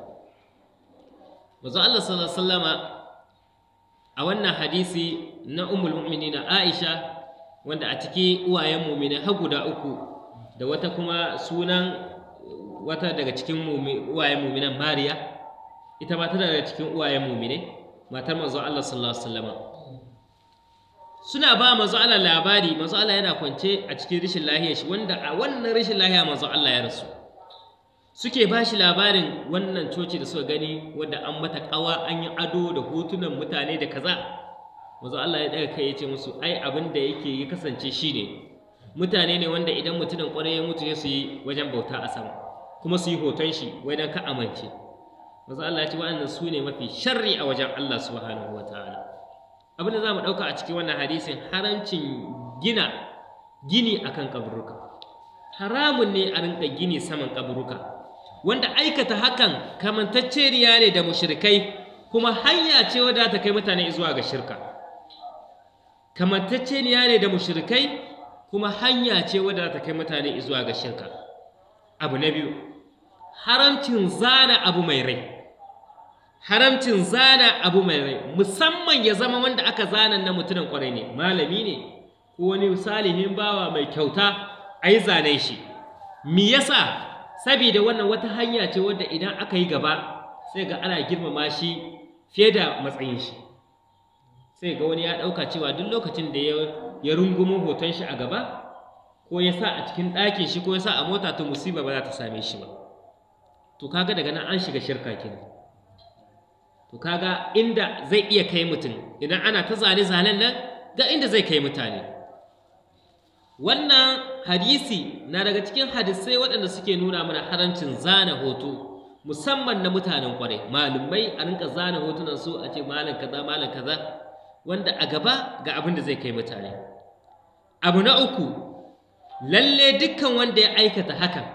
maza Allah sallallahu alaihi wasallama a wannan hadisi na ummul mu'minina Aisha wanda a ciki uwayen mumina har guda uku da wata kuma sunan wata daga cikin uwayen mumina mariya ita ma tana daga cikin uwayen mumina matar manzo Allah sallallahu alaihi wasallam suna ba manzo Allah labari manzo Allah yana kwance a cikin rishin lahiya shi wanda a wannan rishin lahiya manzo Allah ya rasu suke ba shi labarin wannan coci da suka gani wadda an mata kawa an yi ado da hotunan mutane da kaza manzo Allah ya daga kai ya ce musu ai abin da yake ya kasance shine mutane ne wanda idan mutumin kwarai ya mutu su yi wajen bauta a sama kuma su yi hoton shi wai dan ka amince manzo Allah ya ce wa'annan su ne mafi sharri a wajen Allah subhanahu wataala abin da zamu dauka a cikin wannan hadisin haramcin gina gini akan kaburuka haramun ne a rinka gini saman kaburuka wanda aikata hakan riya ne da mushrikai kuma hanya ce wadda ta kai mutane zuwa ga shirka niya ne da mushrikai kuma hanya ce wadda ta kai mutane zuwa ga shirka abu na biyu haramcin zana abu mai rai haramcin zana abu mai rai musamman ya zama wanda aka zana na mutumin kwarai ne malami ne ko wani salihin bawa mai kyauta a yi zane shi me yasa saboda wannan wata hanya ce wadda idan aka yi gaba sai ga ana girmama shi fiye da matsayin shi sai ga wani ya ɗauka cewa duk lokacin da ya rungumo hoton shi a gaba ko ya sa a cikin ɗakin shi ko ya sa a mota ta musiba ba za ta same shi ba to kaga daga nan an shiga shirka kenan to kaga inda zai iya kai mutum idan ana ta zane zalen nan ga inda zai kai mutane wannan hadisi na daga cikin hadisai waɗanda suke nuna mana harancin zana hoto musamman na mutanen kwarai malumai a rinka zana hotunan su a ce malam kaza malam kaza wanda a gaba ga abin da zai kai mutane abu na uku lalle dukkan wanda ya aikata hakan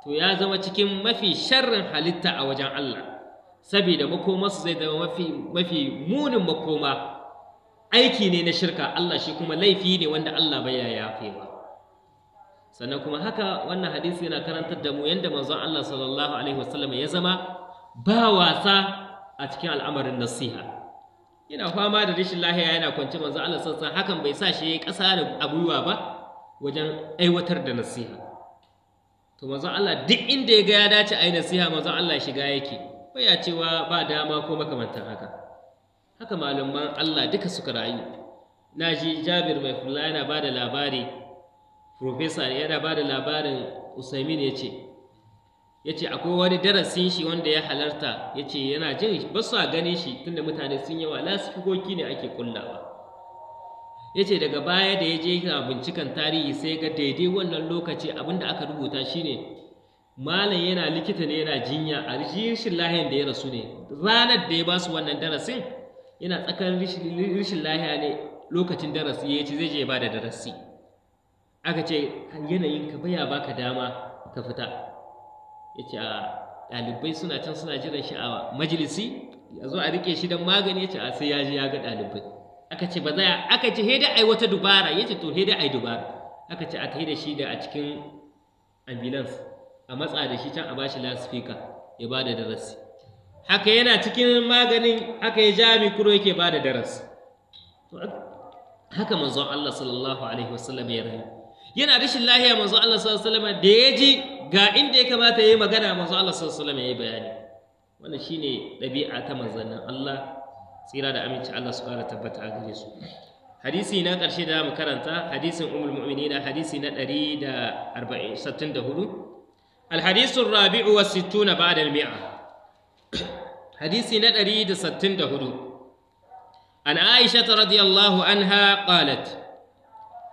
to ya zama cikin mafi sharrin halitta a wajen Allah saboda makomarsu zai zama mafi munin makoma aiki ne na shirka Allah shi kuma laifi ne wanda Allah bai ya ba. sannan kuma haka wannan hadisi yana karantar da mu yadda manzon Allah sallallahu alaihi wasallam ya zama ba wasa a cikin al'amarin nasiha yana fama da rashin lahiya yana kwance manzo Allah sassan hakan bai sa shi yi ƙasa da a ba wajen aiwatar da nasiha to manzo Allah duk inda ya ga ya dace a yi nasiha manzo Allah shiga yake ya cewa ba dama ko makamanta haka haka malaman Allah duka suka rayu na ji Jabir mai kula yana ba da labari professor yana bada labarin Usaimin ya ce ya ce akwai wani darasin shi wanda ya halarta ya ce yana jin ba su ganin shi tunda mutane sun yawa lasifikoki ne ake kullawa ya ce daga baya da ya je yana bincikan tarihi sai ga daidai wannan lokaci abinda aka rubuta shi ne. malam yana likita ne yana jinya a rishin lahiyar da ya rasu ne ranar da ya ba su wannan darasin yana tsakar rishin lahiya ne lokacin darasi ya ce zai je ba da darasi aka ce yanayin ka baya baka dama ka fita ya ce a ɗalibai suna can suna jiran shi a majalisi ya zo a rike shi don magani ya ce a sai ya ji ya ga ɗalibai aka ce ba za a aka ce heda ai wata dubara ya ce to heda ai dubara aka ce a kai da shi da a cikin ambulance a matsa da shi can a bashi lasifika ya ba da darasi haka yana cikin maganin haka ya ja mikro yake ba da darasi haka manzon Allah sallallahu alaihi wasallam ya rayu yana rashin lahiya manzon Allah sallallahu alaihi wasallam da ya ji ga inda ya kamata ya yi magana manzo Allah sallallahu alaihi wasallam yi bayani wannan shine dabi'a ta manzannin Allah tsira da aminci Allah su kara tabbata a gare su hadisi na ƙarshe da mu karanta hadisin ummul mu'minina hadisi na 164 الحديث الرابع والستون بعد المئة حديث ندري ستين دهدو عن عائشة رضي الله عنها قالت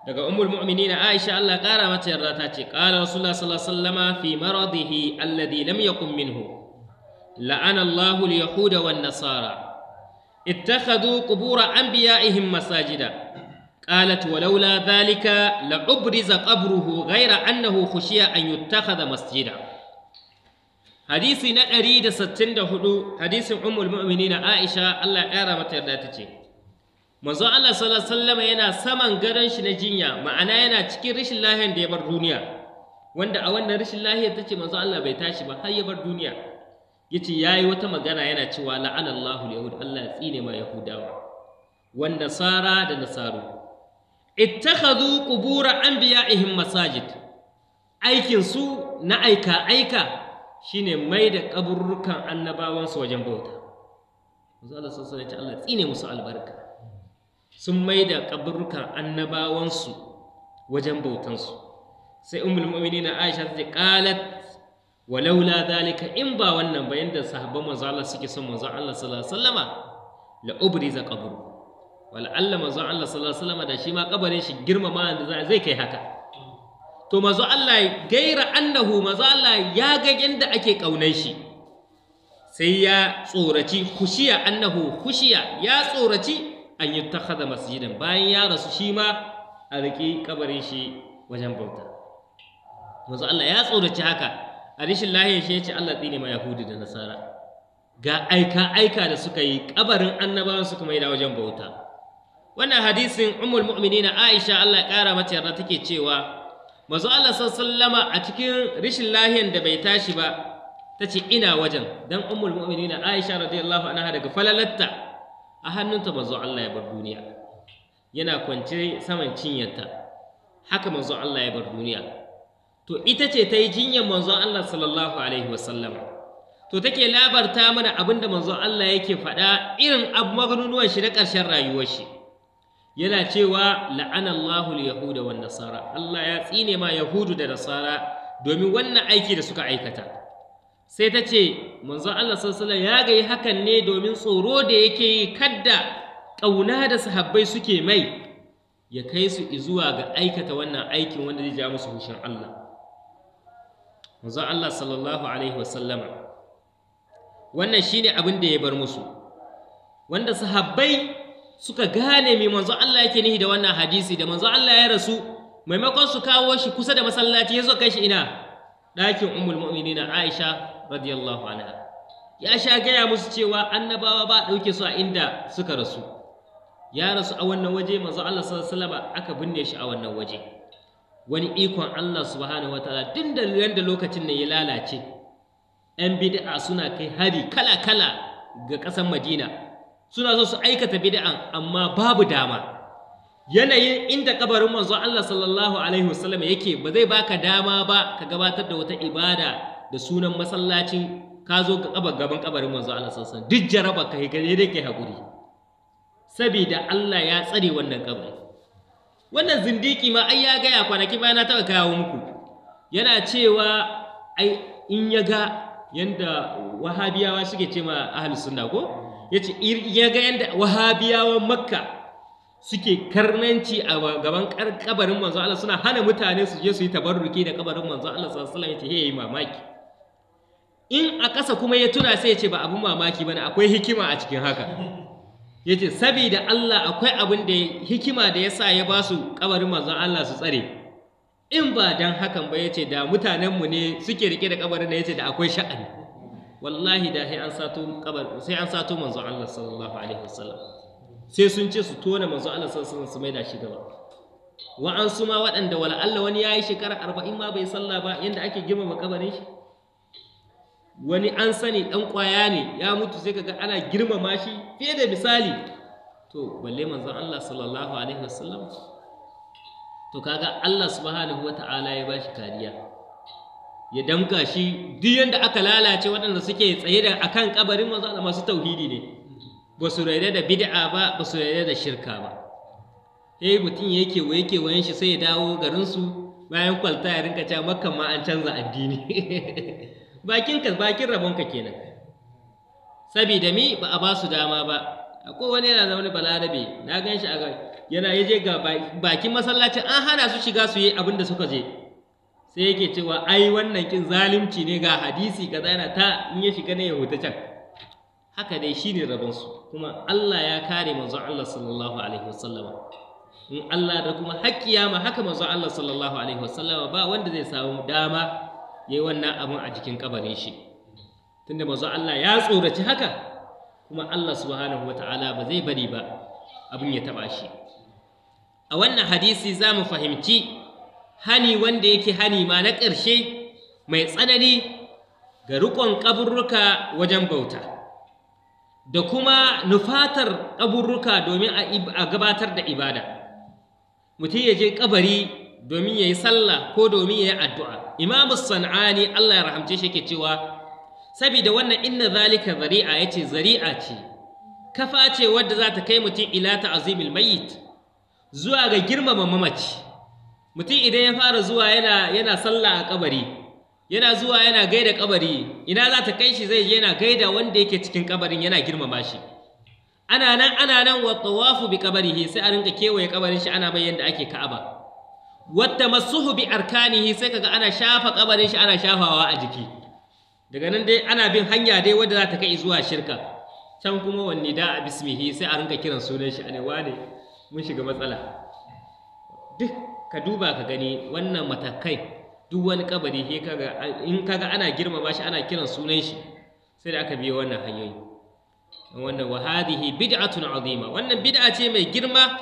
daga umul mu'minina aisha Allah kara mata yarda ta ce qala rasulullah sallallahu alaihi wasallam fi maradihi alladhi lam yakun minhu la'ana Allahu al-yahud wa an-nasara ittakhadhu qubur anbiya'ihim masajida qalat wa laula dhalika la'ubriza qabruhu ghayra annahu khushiya an yuttakhadha masjida hadisi na 164 hadisin umul mu'minina aisha Allah ƙara mata yarda ta ce manzo Allah sallallahu alaihi wasallam yana saman gadon shi na jinya ma'ana yana cikin rashin lahiyar da ya bar duniya wanda a wannan rashin lahiyar tace manzo Allah bai tashi ba har ya bar duniya yace yayi wata magana yana cewa la'anallahu yahud Allah ya tsine ma yahudawa wanda sara da nasaru ittakhadhu qubur anbiya'ihim masajid aikin su na aika aika shine mai da kaburrukan annabawansu wajen bauta manzo Allah sallallahu alaihi wasallam Allah tsine musu albarka sun mai da kaburrukan annabawansu wajen bautansu sai umul na Aisha ta ce qalat walaula zalika in ba wannan ba yadda sahabban manzo Allah suke son manzo Allah sallallahu alaihi wasallama la ubriza qabru wal alla manzo Allah sallallahu alaihi wasallama da shi ma kabarin shi girmama da zai kai haka to manzo Allah gaira annahu manzo Allah ya ga yadda ake kaunan shi sai ya tsoraci khushiya annahu khushiya ya tsoraci an yi masu masjidin bayan ya rasu shi ma a riƙi kabarin shi wajen bauta manzo Allah ya tsoraci haka a rishin lahiyar shi ya ce Allah tsine ma Yahudu da Nasara ga aika aika da suka yi kabarin annabawan su kuma yi wajen bauta wannan hadisin ummul mu'minina Aisha Allah ya kara mata yarda take cewa manzo Allah sallama a cikin rishin lahiyar da bai tashi ba tace ina wajen dan ummul mu'minina Aisha radiyallahu anha daga falalatta a hannunta manzo Allah ya bar duniya yana kwance saman cinyarta haka manzo Allah ya bar duniya to ita ce ta yi jinyar manzo Allah sallallahu alaihi wasallam to take labarta mana abin da manzo Allah yake faɗa irin abu maganunuwan shi na ƙarshen rayuwar shi yana cewa la'anallahu al-yahuda wan nasara Allah ya tsine ma yahudu da nasara domin wannan aiki da suka aikata sai ta ce manzon Allah sassala ya gayi hakan ne domin tsoro da yake yi kadda ƙauna da sahabbai suke mai ya kai su zuwa ga aikata wannan aikin wanda zai ja musu hushin Allah manzon Allah sallallahu alaihi wasallama wannan shine abin da ya bar musu wanda sahabbai suka gane me manzon Allah yake nihi da wannan hadisi da manzon Allah ya rasu maimakon su kawo shi kusa da masallaci ya zo kai shi ina ɗakin ummul mu'minina Aisha radiyallahu anha ya sha gaya musu cewa annabawa ba ɗauke su a inda suka rasu ya rasu a wannan waje manzo Allah sallallahu alaihi wasallam aka binne shi a wannan waje wani ikon Allah subhanahu wataala tun da da lokacin ne ya lalace yan bid'a suna kai hari kala kala ga ƙasar Madina suna zo su aikata bid'an amma babu dama yanayin inda kabarin manzo Allah sallallahu alaihi wasallam yake ba zai baka dama ba ka gabatar da wata ibada da sunan masallacin ka zo ka kaba gaban kabarin manzo Allah sassan duk jaraba ka gare dai ke hakuri saboda Allah ya tsare wannan kabari wannan zindiki ma ai ya gaya kwanaki bayan na taɓa kawo muku yana cewa ai in ya ga yanda wahabiyawa suke ce ma ahli sunna ko yace ya ga yanda wahabiyawan makka suke karnanci a gaban kabarin manzo Allah suna hana mutane su je su yi tabarruki da kabarin manzo Allah sallallahu alaihi wasallam yace he yi mamaki in a ƙasa kuma ya tuna sai ya ce ba abin mamaki ba ne akwai hikima a cikin haka ya ce sabida Allah akwai abin da hikima da ya sa ya ba su ƙabarin manzon Allah su tsare in ba don hakan ba ya ce da mutanenmu ne suke rike da ƙabarin da ya ce da akwai sha'ani wallahi da sai an sato ƙabar manzon Allah sallallahu alaihi wasallam sai sun ce su tona manzon Allah sallallahu alaihi wasallam su maida shi gaba wa'ansu ma waɗanda wala Allah wani ya yi shekara arba'in ma bai sallah ba yadda ake girmama kabarin shi wani an sani ɗan ƙwaya ne ya mutu sai kaga ana girmama shi fiye da misali to balle manzon Allah sallallahu alaihi wasallam to kaga Allah subhanahu wata'ala ya bashi kariya ya damka shi duk yanda aka lalace waɗanda suke tsaye da akan kabarin manzon Allah masu tauhidi ne ba su raida da bid'a ba ba su raida da shirka ba eh mutum ya wa yake wayan shi sai ya dawo garin su bayan kwalta ya rinka cewa makka an canza addini bakinka bakin rabonka kenan saboda mi ba a ba su dama ba akwai wani yana zaune balarabe na gan shi a yana yaje ga bakin masallacin an hana su shiga su yi abin da suka je sai yake cewa ai wannan kin zalunci ne ga hadisi ka yana ta in ya shiga ne ya huta can haka dai shine rabon su kuma Allah ya kare manzo Allah sallallahu alaihi wasallam in Allah da kuma ya ma haka manzo Allah sallallahu alaihi wasallam ba wanda zai samu dama yi wannan abin a jikin kabarin shi tunda mazu Allah ya tsoraci haka kuma Allah subhanahu ta'ala ba zai bari ba abin ya taba shi a wannan hadisi za mu fahimci hani wanda yake hani ma na ƙarshe mai tsanani ga riƙon ƙaburruka wajen bauta da kuma nufatar ƙaburruka domin a gabatar da ibada mutum ya je ƙabari domin ya yi sallah ko domin ya yi addu'a imamu san'ani Allah ya rahamce shi ke cewa saboda wannan inna zalika zari'a ya ce zari'a ce kafa ce wadda za ta kai mutum ila ta azimil mayit zuwa ga girmama mamaci mutum idan ya fara zuwa yana yana sallah a kabari yana zuwa yana gaida kabari ina za ta kai shi zai je yana gaida wanda yake cikin kabarin yana girmama shi ana nan ana nan wa tawafu bi kabarihi sai a rinka kewaye kabarin shi ana bayyana da ake ka'aba wata masuhu bi arkanihi sai kaga ana shafa kabarin shi ana shafawa a jiki daga nan dai ana bin hanya dai wadda za ta kai zuwa shirka can kuma wanne da a bismihi sai a rinka kiran sunan shi ne wane mun shiga matsala duk ka duba ka gani wannan matakai duk wani kabari in kaga ana girmama shi ana kiran sunan shi sai da aka biya wannan hanyoyi wannan wa hadhihi bid'atun azima wannan bid'a ce mai girma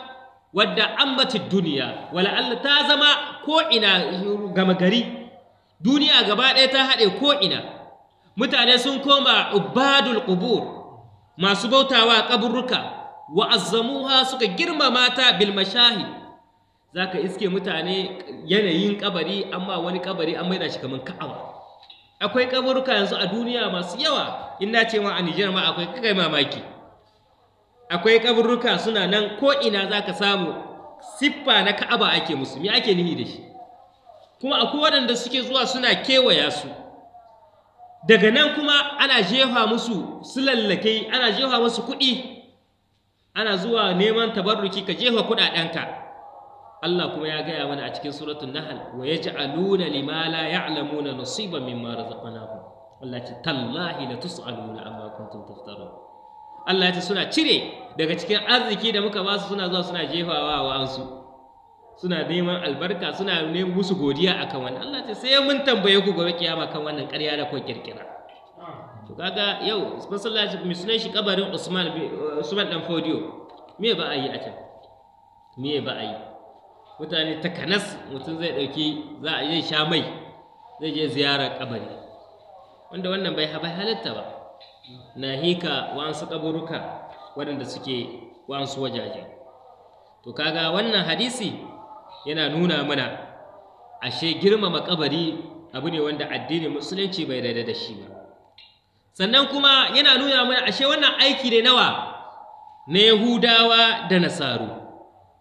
wadda ambatid duniya wala Allah ta zama ko'ina gama gari duniya gaba ɗaya ta haɗe ko'ina. mutane sun koma ubadul ƙubur masu bautawa ƙaburruka wa azzamuha suka girmama ta bil ka iske mutane yanayin ƙabari, amma wani kabari an maida shi kaman ka'awa akwai ƙaburruka yanzu a duniya masu yawa in na ce ma a Nijar ma akwai kai mamaki akwai kaburruka suna nan ko ina za ka samu siffa na ka'aba ake musu ake nihi da shi kuma akwai waɗanda suke zuwa suna kewaya su daga nan kuma ana jefa musu su sulallakai ana jefa musu kuɗi ana zuwa neman tabarruki ka jefa kuɗaɗenka Allah kuma ya gaya mana a cikin suratun Nahal, wa ya ji Limala ya la ya'lamuna nasiban zafana ku. Allah ce tallahi tusu aluna amma kuntun taftarun Allah ya ce suna cire daga cikin arziki da muka basu suna zuwa suna jefawa wa ansu suna neman albarka suna neman musu godiya akan wannan Allah ya ce sai mun tambaye ku gobe kiyama kan wannan ƙarya da ko kirkira to kaga yau masallaci sunan shi kabarin Usman Usman dan Fodio me ba a yi a can me ba a yi mutane takanas mutum zai dauki za a yi sha mai zai je ziyara kabari wanda wannan bai halarta ba na hika wa'ansu kaburuka waɗanda suke wa'ansu wajaje to kaga wannan hadisi yana nuna mana ashe girmama kabari abu ne wanda addinin musulunci bai daida da shi ba sannan kuma yana nuna mana ashe wannan aiki ne nawa na yahudawa da nasaru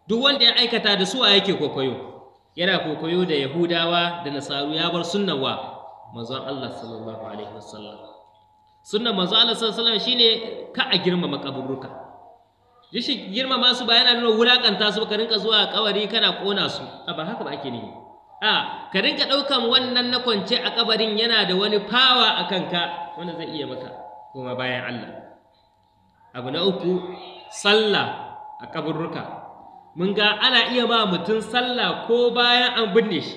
duk wanda ya aikata da su a yake kwaikwayo yana kwaikwayo da yahudawa da nasaru ya bar sunnawa manzon Allah sallallahu alaihi wasallam Sunan manzo Allah sallallahu alaihi shine ka a girmama kaburuka. shi girmama su ba yana nuna wulakanta su ka rinka zuwa kabari kana kona su a ba haka ba ake nufi a ka rinka daukan wannan na kwance a kabarin yana da wani fawa a kanka wanda zai iya maka kuma bayan Allah abu na uku sallah a kaburuka mun ga ana iya ba mutum sallah ko bayan an binne shi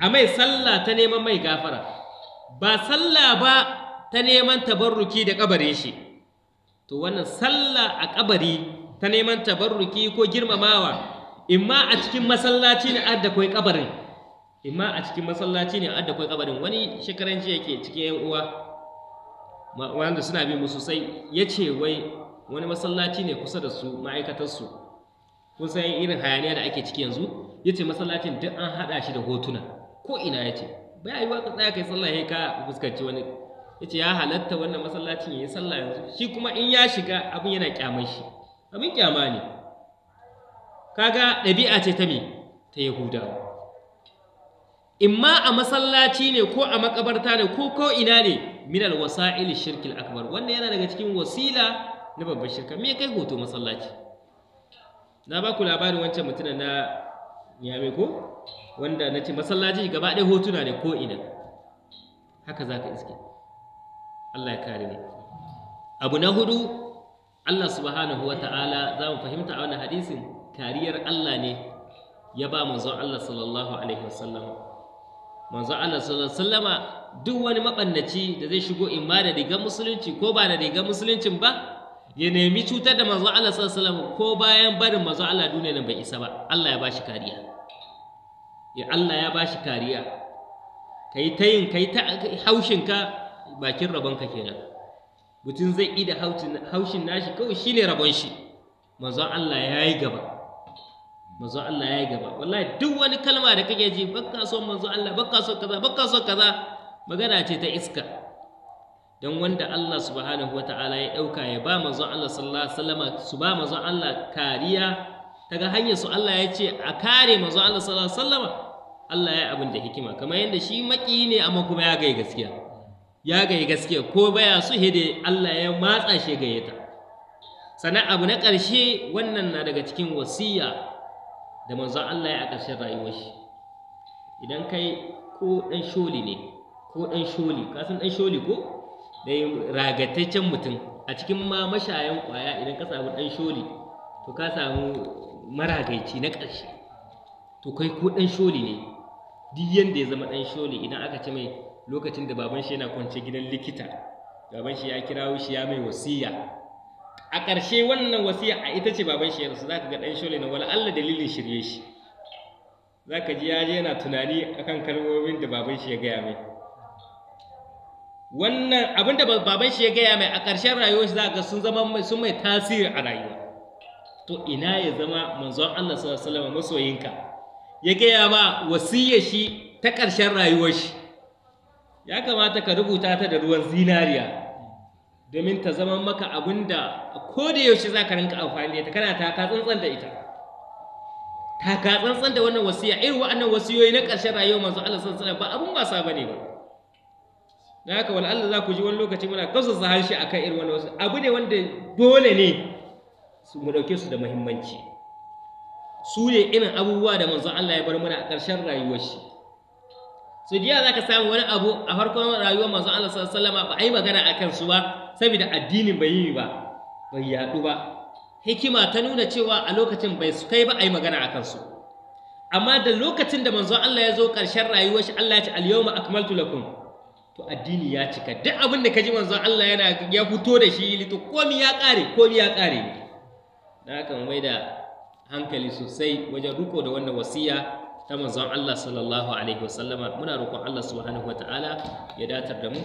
a mai sallah ta neman mai gafara ba sallah ba ta neman tabarruki da kabare shi to wannan sallah a kabari ta neman tabarruki ko girmamawa imma a cikin masallaci ne adda kai kabarin imma a cikin masallaci ne adda kai kabarin wani shekaran ji yake cikin yan uwa wanda suna bi mu sosai yace wai wani masallaci ne kusa da su ma'aikatar su kun san irin hayaniya da ake ciki yanzu yace masallacin duk an hada shi da hotuna ko ina yace bai ayi wa ka tsaya kai sallah ka fuskanci wani yace ya halatta wannan masallacin yi sallah yanzu shi kuma in ya shiga abin yana kyamar shi abin kyama ne kaga ɗabi'a ce ta me ta yahuda imma a masallaci ne ko a makabarta ne ko ko ina ne min wasa'il shirkil akbar wannan yana daga cikin wasila na babban shirka me kai hoto masallaci na ba ku labarin wancan mutumin na ya ko wanda na ce masallaci gaba ɗaya hotuna ne ko ina haka za ka iske Allah ya kare mu abu na hudu Allah subhanahu wa ta'ala za mu fahimta a wani hadisin kariyar Allah ne ya ba manzon Allah sallallahu alaihi wasallam manzon Allah sallallahu alaihi wasallama duk wani mabannaci da zai shigo in ma da rigar musulunci ko ba da rigar musuluncin ba ya nemi cutar da manzon Allah sallallahu alaihi wasallam ko bayan barin manzon Allah duniya nan bai isa ba Allah ya bashi kariya ya Allah ya bashi kariya kai ta yin kai ta haushinka bakin rabonka kenan mutum zai ida haushin nashi kawai shine rabon shi manzon Allah ya yi gaba manzon Allah ya yi gaba wallahi duk wani kalma da kake ji bakka so manzon Allah bakka so kaza bakka so kaza magana ce ta iska don wanda Allah subhanahu wata'ala ya ɗauka ya ba mazan Allah sallallahu alaihi wasallam su ba mazan Allah kariya daga hanyar su Allah ya ce a kare mazan Allah sallallahu alaihi wasallam Allah ya abin da hikima kamar yadda shi maki ne amma kuma ya gai gaskiya ya gaye gaskiya ko baya su hede Allah ya matsa shi gaye ta sana abu na ƙarshe wannan na daga cikin wasiya da manzo Allah ya a ƙarshen rayuwar shi idan kai ko ɗan sholi ne ko ɗan sholi ka san ɗan sholi ko dai ragataccen mutum a cikin ma mashayan ƙwaya idan ka samu ɗan sholi to ka samu maragaici na ƙarshe to kai ko ɗan sholi ne duk yanda ya zama ɗan sholi idan aka ce mai lokacin da baban shi yana kwance gidan likita baban shi ya kirawo shi ya mai wasiya a ƙarshe wannan wasiya a ita ce baban shi ya rasu za ka ga ɗan shole na wala Allah dalilin shirye shi za ka ji ya je yana tunani akan kalmomin da baban shi ya gaya mai wannan abinda baban shi ya gaya mai a ƙarshen rayuwar shi za ka sun zama sun mai tasiri a rayuwa to ina ya zama manzon Allah sallallahu alaihi wasallam masoyinka ya gaya ma wasiyar shi ta ƙarshen rayuwar shi ya kamata ka rubuta ta da ruwan zinariya domin ta zama maka abin da ko da yaushe za ka rinka amfani da ta kana taka tsantsan da ita ka tsantsan da wannan wasiya irin wa'annan wasiyoyi na ƙarshen rayuwar manzo Allah sallallahu alaihi ba abin wasa bane ba dan haka wal Allah za ku ji wani lokaci muna kausa harshe akan irin wannan wasu abu ne wanda dole ne su mu dauke su da muhimmanci su ne irin abubuwa da manzo Allah ya bar mana a ƙarshen rayuwar shi su diya za ka samu wani abu a farkon rayuwar manzo Allah sallallahu alaihi wasallam ba magana a su ba saboda addinin bai yi ba bai yadu ba hikima ta nuna cewa a lokacin bai su kai ba a yi magana a kansu. amma da lokacin da manzo Allah ya zo ƙarshen rayuwar shi Allah ya ce al-yawma akmaltu lakum to addini ya cika duk abin da kaji manzo Allah yana ya fito da shi to komi ya kare komi ya kare da haka mai da hankali sosai wajen riko da wannan wasiya ta manzon Allah sallallahu alaihi wasallama muna roƙon Allah subhanahu wataala ya datar da mu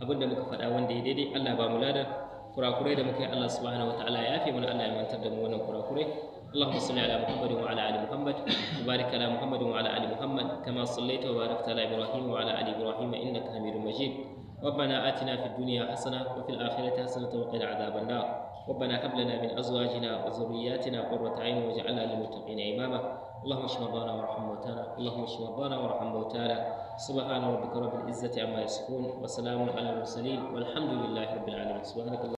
abinda muka faɗa wanda ya daidai Allah ba mu ladan kurakurai da muka yi Allah subhanahu wataala ya yafe mana Allah ya mantar da mu wannan kurakurai اللهم صل على محمد وعلى ال محمد وبارك على محمد وعلى ال محمد كما صليت وباركت على ابراهيم وعلى ال ابراهيم انك حميد مجيد ربنا اتنا في الدنيا حسنه وفي الاخره حسنه وقنا عذاب النار ربنا هب لنا من ازواجنا وذرياتنا قرة عين واجعلنا للمتقين اماما اللهم اشف مرضانا وارحم موتانا اللهم اشف مرضانا وارحم موتانا سبحان ربك رب العزة عما يصفون وسلام على المرسلين والحمد لله رب العالمين سبحانك